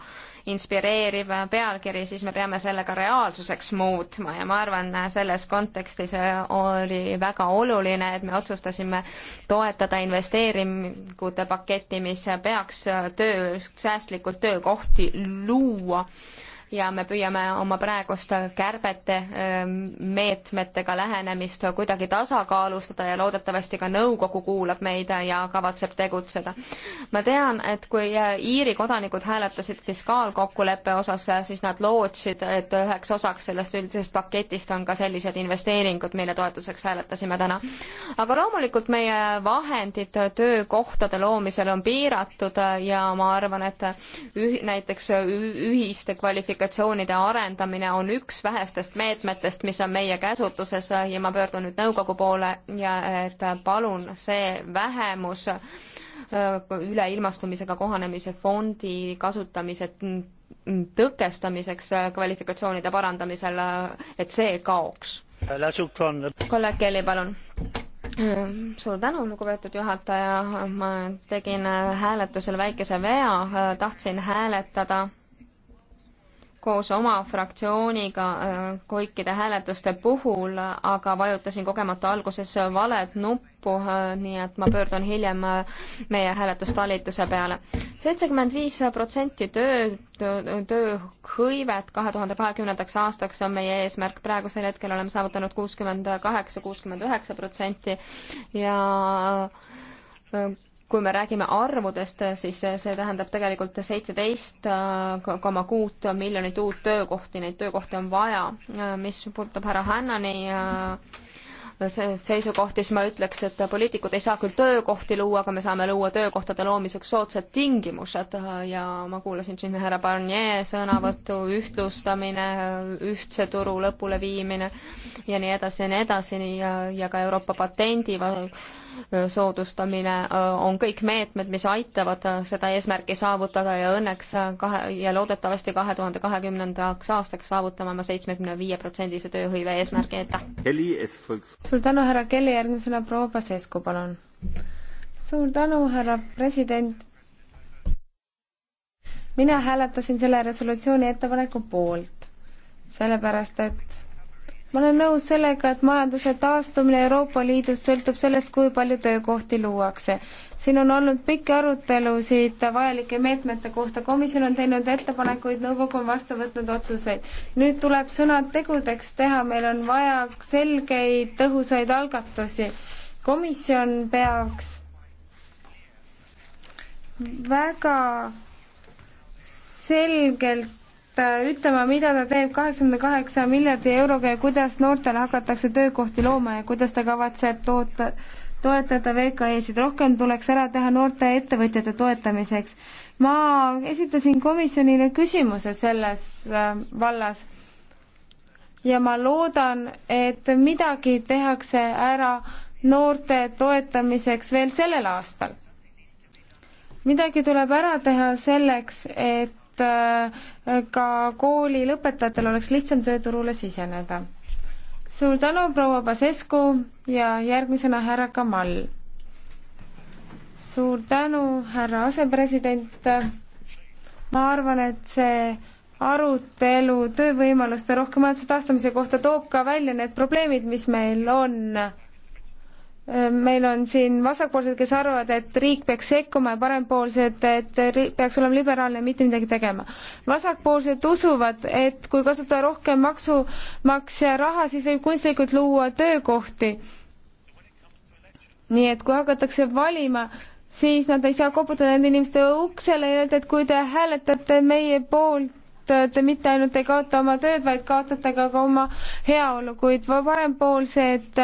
S3: inspireeriv pealkiri, siis me peame selle ka reaalsuseks muutma ja ma arvan, äh, selles kontekstis äh, oli väga oluline, et me otsustasime toetada investeeringute paketti, mis peaks töö, säästlikult töökohti luua ja me püüame oma praeguste kärbete ähm, meetmetega lähenemist kuidagi tasakaalustada ja loodetavasti ka nõukogu kuulab meid ja kavatseb tegutseda. ma tean, et kui äh, Iiri kodanikud hääletasid fiskaalkokkuleppe osas, äh, siis nad lootsid, et üheks osaks sellest üldisest paketist on ka sellised investeeringud, mille toetuseks hääletasime täna. aga loomulikult meie vahendid töökohtade loomisel on piiratud äh, ja ma arvan, et üh-, näiteks ühiste kvalifikatsioonide telekommunikatsioonide arendamine on üks vähestest meetmetest, mis on meie käsutuses ja ma pöördun nüüd nõukogu poole ja et palun see vähemus äh, üleilmastumisega kohanemise fondi kasutamise tõkestamiseks äh, kvalifikatsioonide parandamisel, äh, et see kaoks. kolleeg Kelly, palun suur tänu, lugupeetud juhataja, ma tegin hääletusel väikese vea, tahtsin hääletada koos oma fraktsiooniga äh, kõikide hääletuste puhul, aga vajutasin kogemata alguses valet nuppu, äh, nii et ma pöördun hiljem äh, meie hääletustalituse peale. seitsekümmend viis protsenti töö, tööhõivet töö kahe tuhande kahekümnendaks aastaks on meie eesmärk, praegusel hetkel oleme saavutanud kuuskümmend kaheksa, kuuskümmend üheksa protsenti ja kui me räägime arvudest, siis see tähendab tegelikult seitseteist äh, koma kuut miljonit uut töökohti, neid töökohti on vaja. Äh, mis puudutab härra Hännani äh, seisukohti, siis ma ütleks, et poliitikud ei saa küll töökohti luua, aga me saame luua töökohtade loomiseks soodsad tingimused ja ma kuulasin siin härra Barnier sõnavõttu, ühtlustamine, ühtse turu lõpuleviimine ja nii edasi ja nii edasi ja, ja ka Euroopa patendi soodustamine äh, on kõik meetmed, mis aitavad äh, seda eesmärki saavutada ja õnneks äh, kahe ja loodetavasti kahe tuhande kahekümnendaks aastaks saavutame me seitsmekümne viie protsendise tööhõive eesmärgi, aitäh! suur tänu, härra Kelly, järgmisena proua Pasescu, palun! suur tänu,
S2: härra president! mina hääletasin selle resolutsiooni ettepaneku poolt, sellepärast et ma olen nõus sellega, et majanduse taastumine Euroopa Liidus sõltub sellest, kui palju töökohti luuakse. siin on olnud pikki arutelusid vajalike meetmete kohta, komisjon on teinud ettepanekuid, nõukogu on vastu võtnud otsuseid. nüüd tuleb sõnad tegudeks teha, meil on vaja selgeid tõhusaid algatusi. komisjon peaks väga selgelt Äh, ütlema, mida ta teeb kaheksakümne kaheksa miljardi euroga ja kuidas noortele hakatakse töökohti looma ja kuidas ta kavatseb toota, toetada VKE-sid, rohkem tuleks ära teha noorte ettevõtjate toetamiseks. ma esitasin komisjonile küsimuse selles äh, vallas ja ma loodan, et midagi tehakse ära noorte toetamiseks veel sellel aastal. midagi tuleb ära teha selleks, et Äh, ka kooli lõpetajatel oleks lihtsam tööturule siseneda. suur tänu, proua Pasescu ja järgmisena härra Kamal. suur tänu, härra asepresident. ma arvan, et see arutelu töövõimaluste rohkemajanduse taastamise kohta toob ka välja need probleemid, mis meil on meil on siin vasakpoolsed, kes arvavad, et riik peaks sekkuma ja parempoolsed, et riik peaks olema liberaalne ja mitte midagi tegema. vasakpoolsed usuvad, et kui kasutada rohkem maksumaksja raha, siis võib kunstlikult luua töökohti. nii et kui hakatakse valima, siis nad ei saa koputada nende inimeste uksele ja öelda, et kui te hääletate meie poolt, te mitte ainult ei kaota oma tööd, vaid kaotate ka, ka oma heaolu, kuid parempoolsed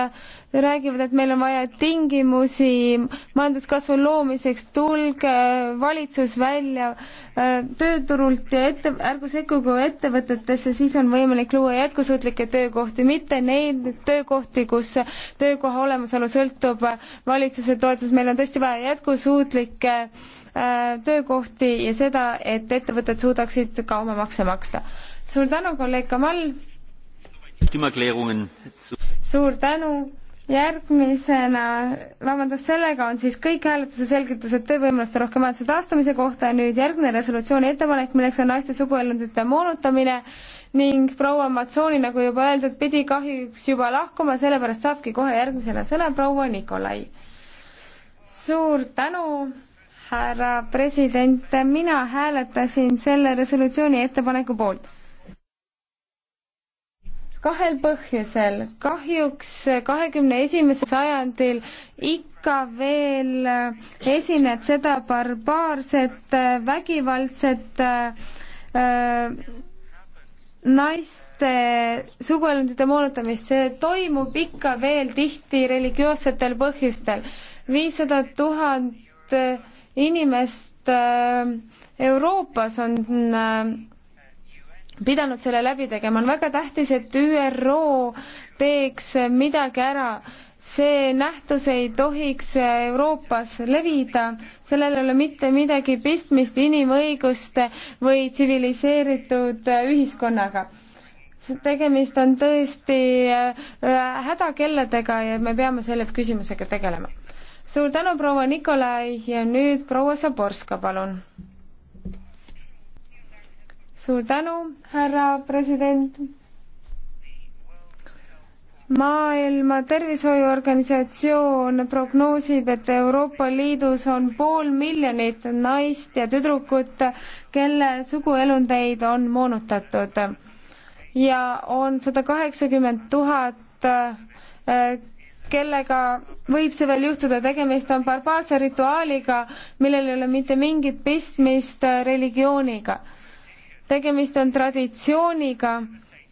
S2: räägivad, et meil on vaja tingimusi majanduskasvu loomiseks, tulge valitsus välja äh, tööturult ja ette, ärgu sekkugu ettevõtetesse, siis on võimalik luua jätkusuutlikke töökohti, mitte neid töökohti, kus töökoha olemasolu sõltub valitsuse toetusest, meil on tõesti vaja jätkusuutlikke äh, töökohti ja seda, et ettevõtted suudaksid ka oma makse maksta. suur tänu, kolleeg Kamal! suur tänu! järgmisena, vabandust, sellega on siis kõik hääletuse selgitused töövõimaluste rohke majanduse taastamise kohta ja nüüd järgmine resolutsiooni ettepanek, milleks on naiste suguelundite moonutamine ning proua Matsooni, nagu juba öeldud, pidi kahjuks juba lahkuma, sellepärast saabki kohe järgmisena sõna proua Nikolai. suur tänu, härra president, mina hääletasin selle resolutsiooni ettepaneku poolt kahel põhjusel. kahjuks kahekümne esimesel sajandil ikka veel esineb seda barbaarset, vägivaldset äh, naiste suguelundite moonutamist, see toimub ikka veel tihti religioossetel põhjustel. viissada tuhat inimest äh, Euroopas on äh, pidanud selle läbi tegema, on väga tähtis, et ÜRO teeks midagi ära. see nähtus ei tohiks Euroopas levida, sellel ei ole mitte midagi pistmist inimõiguste või tsiviliseeritud ühiskonnaga tegemist on tõesti äh, hädakelladega ja me peame selle küsimusega tegelema. suur tänu, proua Nikolai ja nüüd proua Saborska, palun suur tänu, härra president. maailma Tervishoiuorganisatsioon prognoosib, et Euroopa Liidus on pool miljonit naist ja tüdrukut, kelle suguelundeid on moonutatud ja on sada kaheksakümmend tuhat eh, kellega võib see veel juhtuda, tegemist on barbaarse rituaaliga, millel ei ole mitte mingit pistmist religiooniga tegemist on traditsiooniga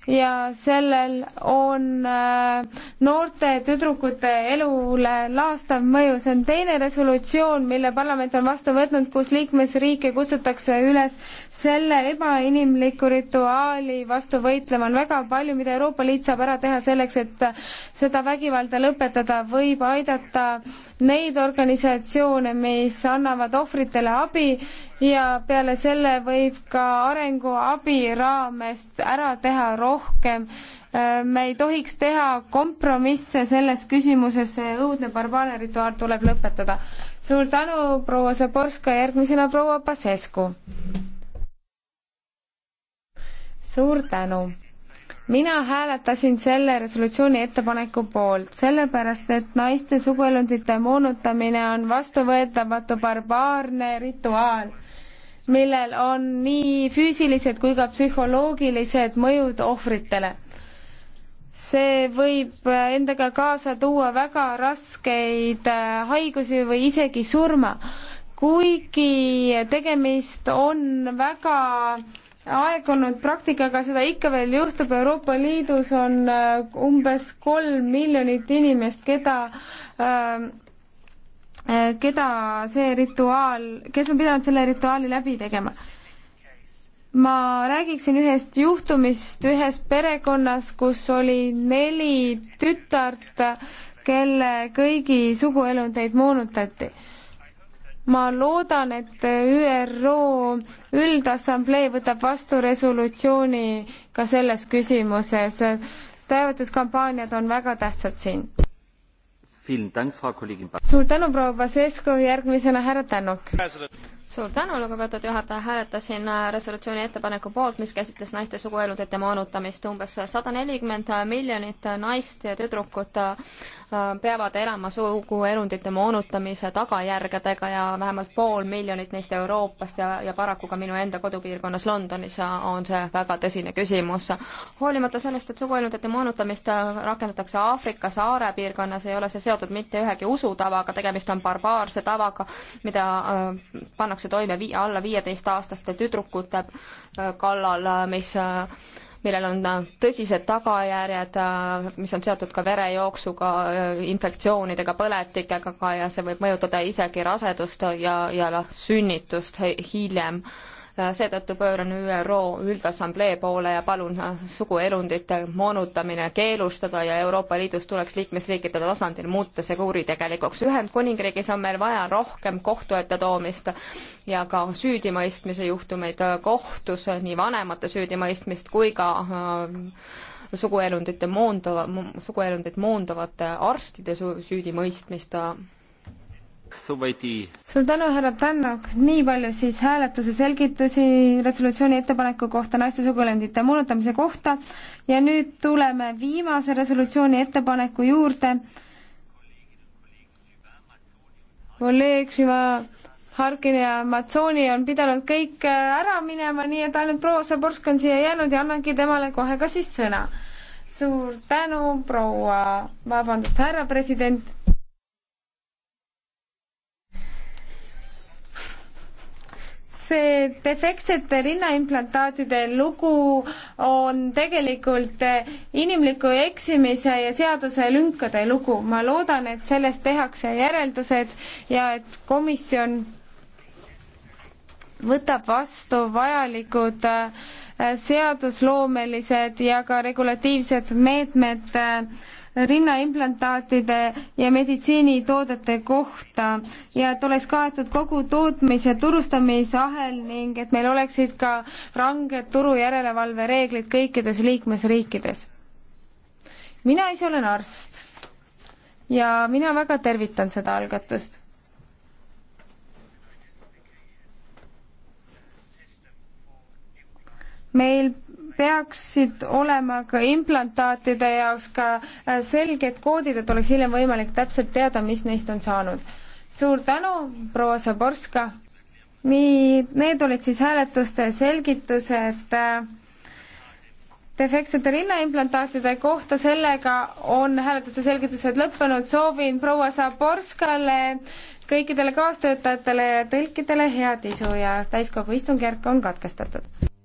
S2: ja sellel on äh, noorte tüdrukute elule laastav mõju. see on teine resolutsioon, mille parlament on vastu võtnud, kus liikmesriike kutsutakse üles selle ebainimliku rituaali vastu võitlema. on väga palju, mida Euroopa Liit saab ära teha selleks, et seda vägivalda lõpetada, võib aidata neid organisatsioone, mis annavad ohvritele abi ja peale selle võib ka arenguabi raames ära teha rohkem rohkem. Äh, me ei tohiks teha kompromisse selles küsimuses, see õudne barbaarne rituaal tuleb lõpetada. suur tänu, proua Zaborska, järgmisena proua Pasescu. suur tänu mina hääletasin selle resolutsiooni ettepaneku poolt, sellepärast et naiste suguelundite moonutamine on vastuvõetamatu barbaarne rituaal millel on nii füüsilised kui ka psühholoogilised mõjud ohvritele. see võib endaga kaasa tuua väga raskeid äh, haigusi või isegi surma, kuigi tegemist on väga aegunud praktikaga seda ikka veel juhtub, Euroopa Liidus on äh, umbes kolm miljonit inimest, keda äh, Äh, keda see rituaal, kes on pidanud selle rituaali läbi tegema. ma räägiksin ühest juhtumist ühes perekonnas, kus oli neli tütart, kelle kõigi suguelundeid moonutati ma loodan, et ÜRO Üldassamblee võtab vastu resolutsiooni ka selles küsimuses. teavituskampaaniad on väga tähtsad
S3: siin suur tänu, proua Basescu,
S2: järgmisena härra Tänok.
S3: suur tänu, lugupeetud juhataja, hääletasin äh, resolutsiooni ettepaneku poolt, mis käsitles naiste suguelundite moonutamist. umbes sada nelikümmend miljonit naist ja tüdrukut äh, Äh, peavad elama suguerundite moonutamise tagajärgedega ja vähemalt pool miljonit neist Euroopast ja, ja paraku ka minu enda kodupiirkonnas Londonis äh, on see väga tõsine küsimus. hoolimata sellest, et suguerundite moonutamist äh, rakendatakse Aafrika saare piirkonnas, ei ole see seotud mitte ühegi usutavaga, tegemist on barbaarse tavaga, mida äh, pannakse toime vii-, alla viieteistaastaste tüdrukute äh, kallal, mis äh, millel on äh, tõsised tagajärjed, äh, mis on seotud ka verejooksuga, äh, infektsioonidega, põletikega ka ja see võib mõjutada isegi rasedust ja, ja sünnitust hiljem Äh, seetõttu pööran ÜRO Üldassamblee poole ja palun äh, suguelundite moonutamine keelustada ja Euroopa Liidus tuleks liikmesriikide tasandil muuta see kuritegelikuks. Ühendkuningriigis on meil vaja rohkem kohtu ette toomist ja ka süüdimõistmise juhtumeid äh, kohtus, nii vanemate süüdimõistmist kui ka suguelundite moonduva, suguelundit moondavate arstide süüdimõistmist
S1: suur
S3: tänu,
S2: härra Tannok, nii palju siis hääletuse selgitusi resolutsiooni ettepaneku kohta naiste suguelundite moonutamise kohta ja nüüd tuleme viimase resolutsiooni ettepaneku juurde. kolleeg Šiva Harkin ja Matsooni on pidanud kõik äh, ära minema, nii et ainult proua Saborsk on siia jäänud ja annangi temale kohe ka siis sõna. suur tänu, proua, vabandust, härra president see defektsete rinnaimplantaatide lugu on tegelikult inimliku eksimise ja seaduselünkade lugu. ma loodan, et sellest tehakse järeldused ja et komisjon võtab vastu vajalikud äh, seadusloomelised ja ka regulatiivsed meetmed äh, rinnaimplantaatide ja meditsiinitoodete kohta ja et oleks kaetud kogu tootmis- ja turustamisahel ning et meil oleksid ka ranged turujärelevalve reeglid kõikides liikmesriikides. mina ise olen arst ja mina väga tervitan seda algatust meil peaksid olema ka implantaatide jaoks ka äh, selged koodid, et oleks hiljem võimalik täpselt teada, mis neist on saanud. suur tänu, proua Zaborska. nii, need olid siis hääletuste selgitused äh, defektsete rinnaimplantaatide kohta, sellega on hääletuste selgitused lõppenud, soovin proua Zaborskale, kõikidele kaastöötajatele ja tõlkidele head isu ja täiskogu istungjärk on katkestatud.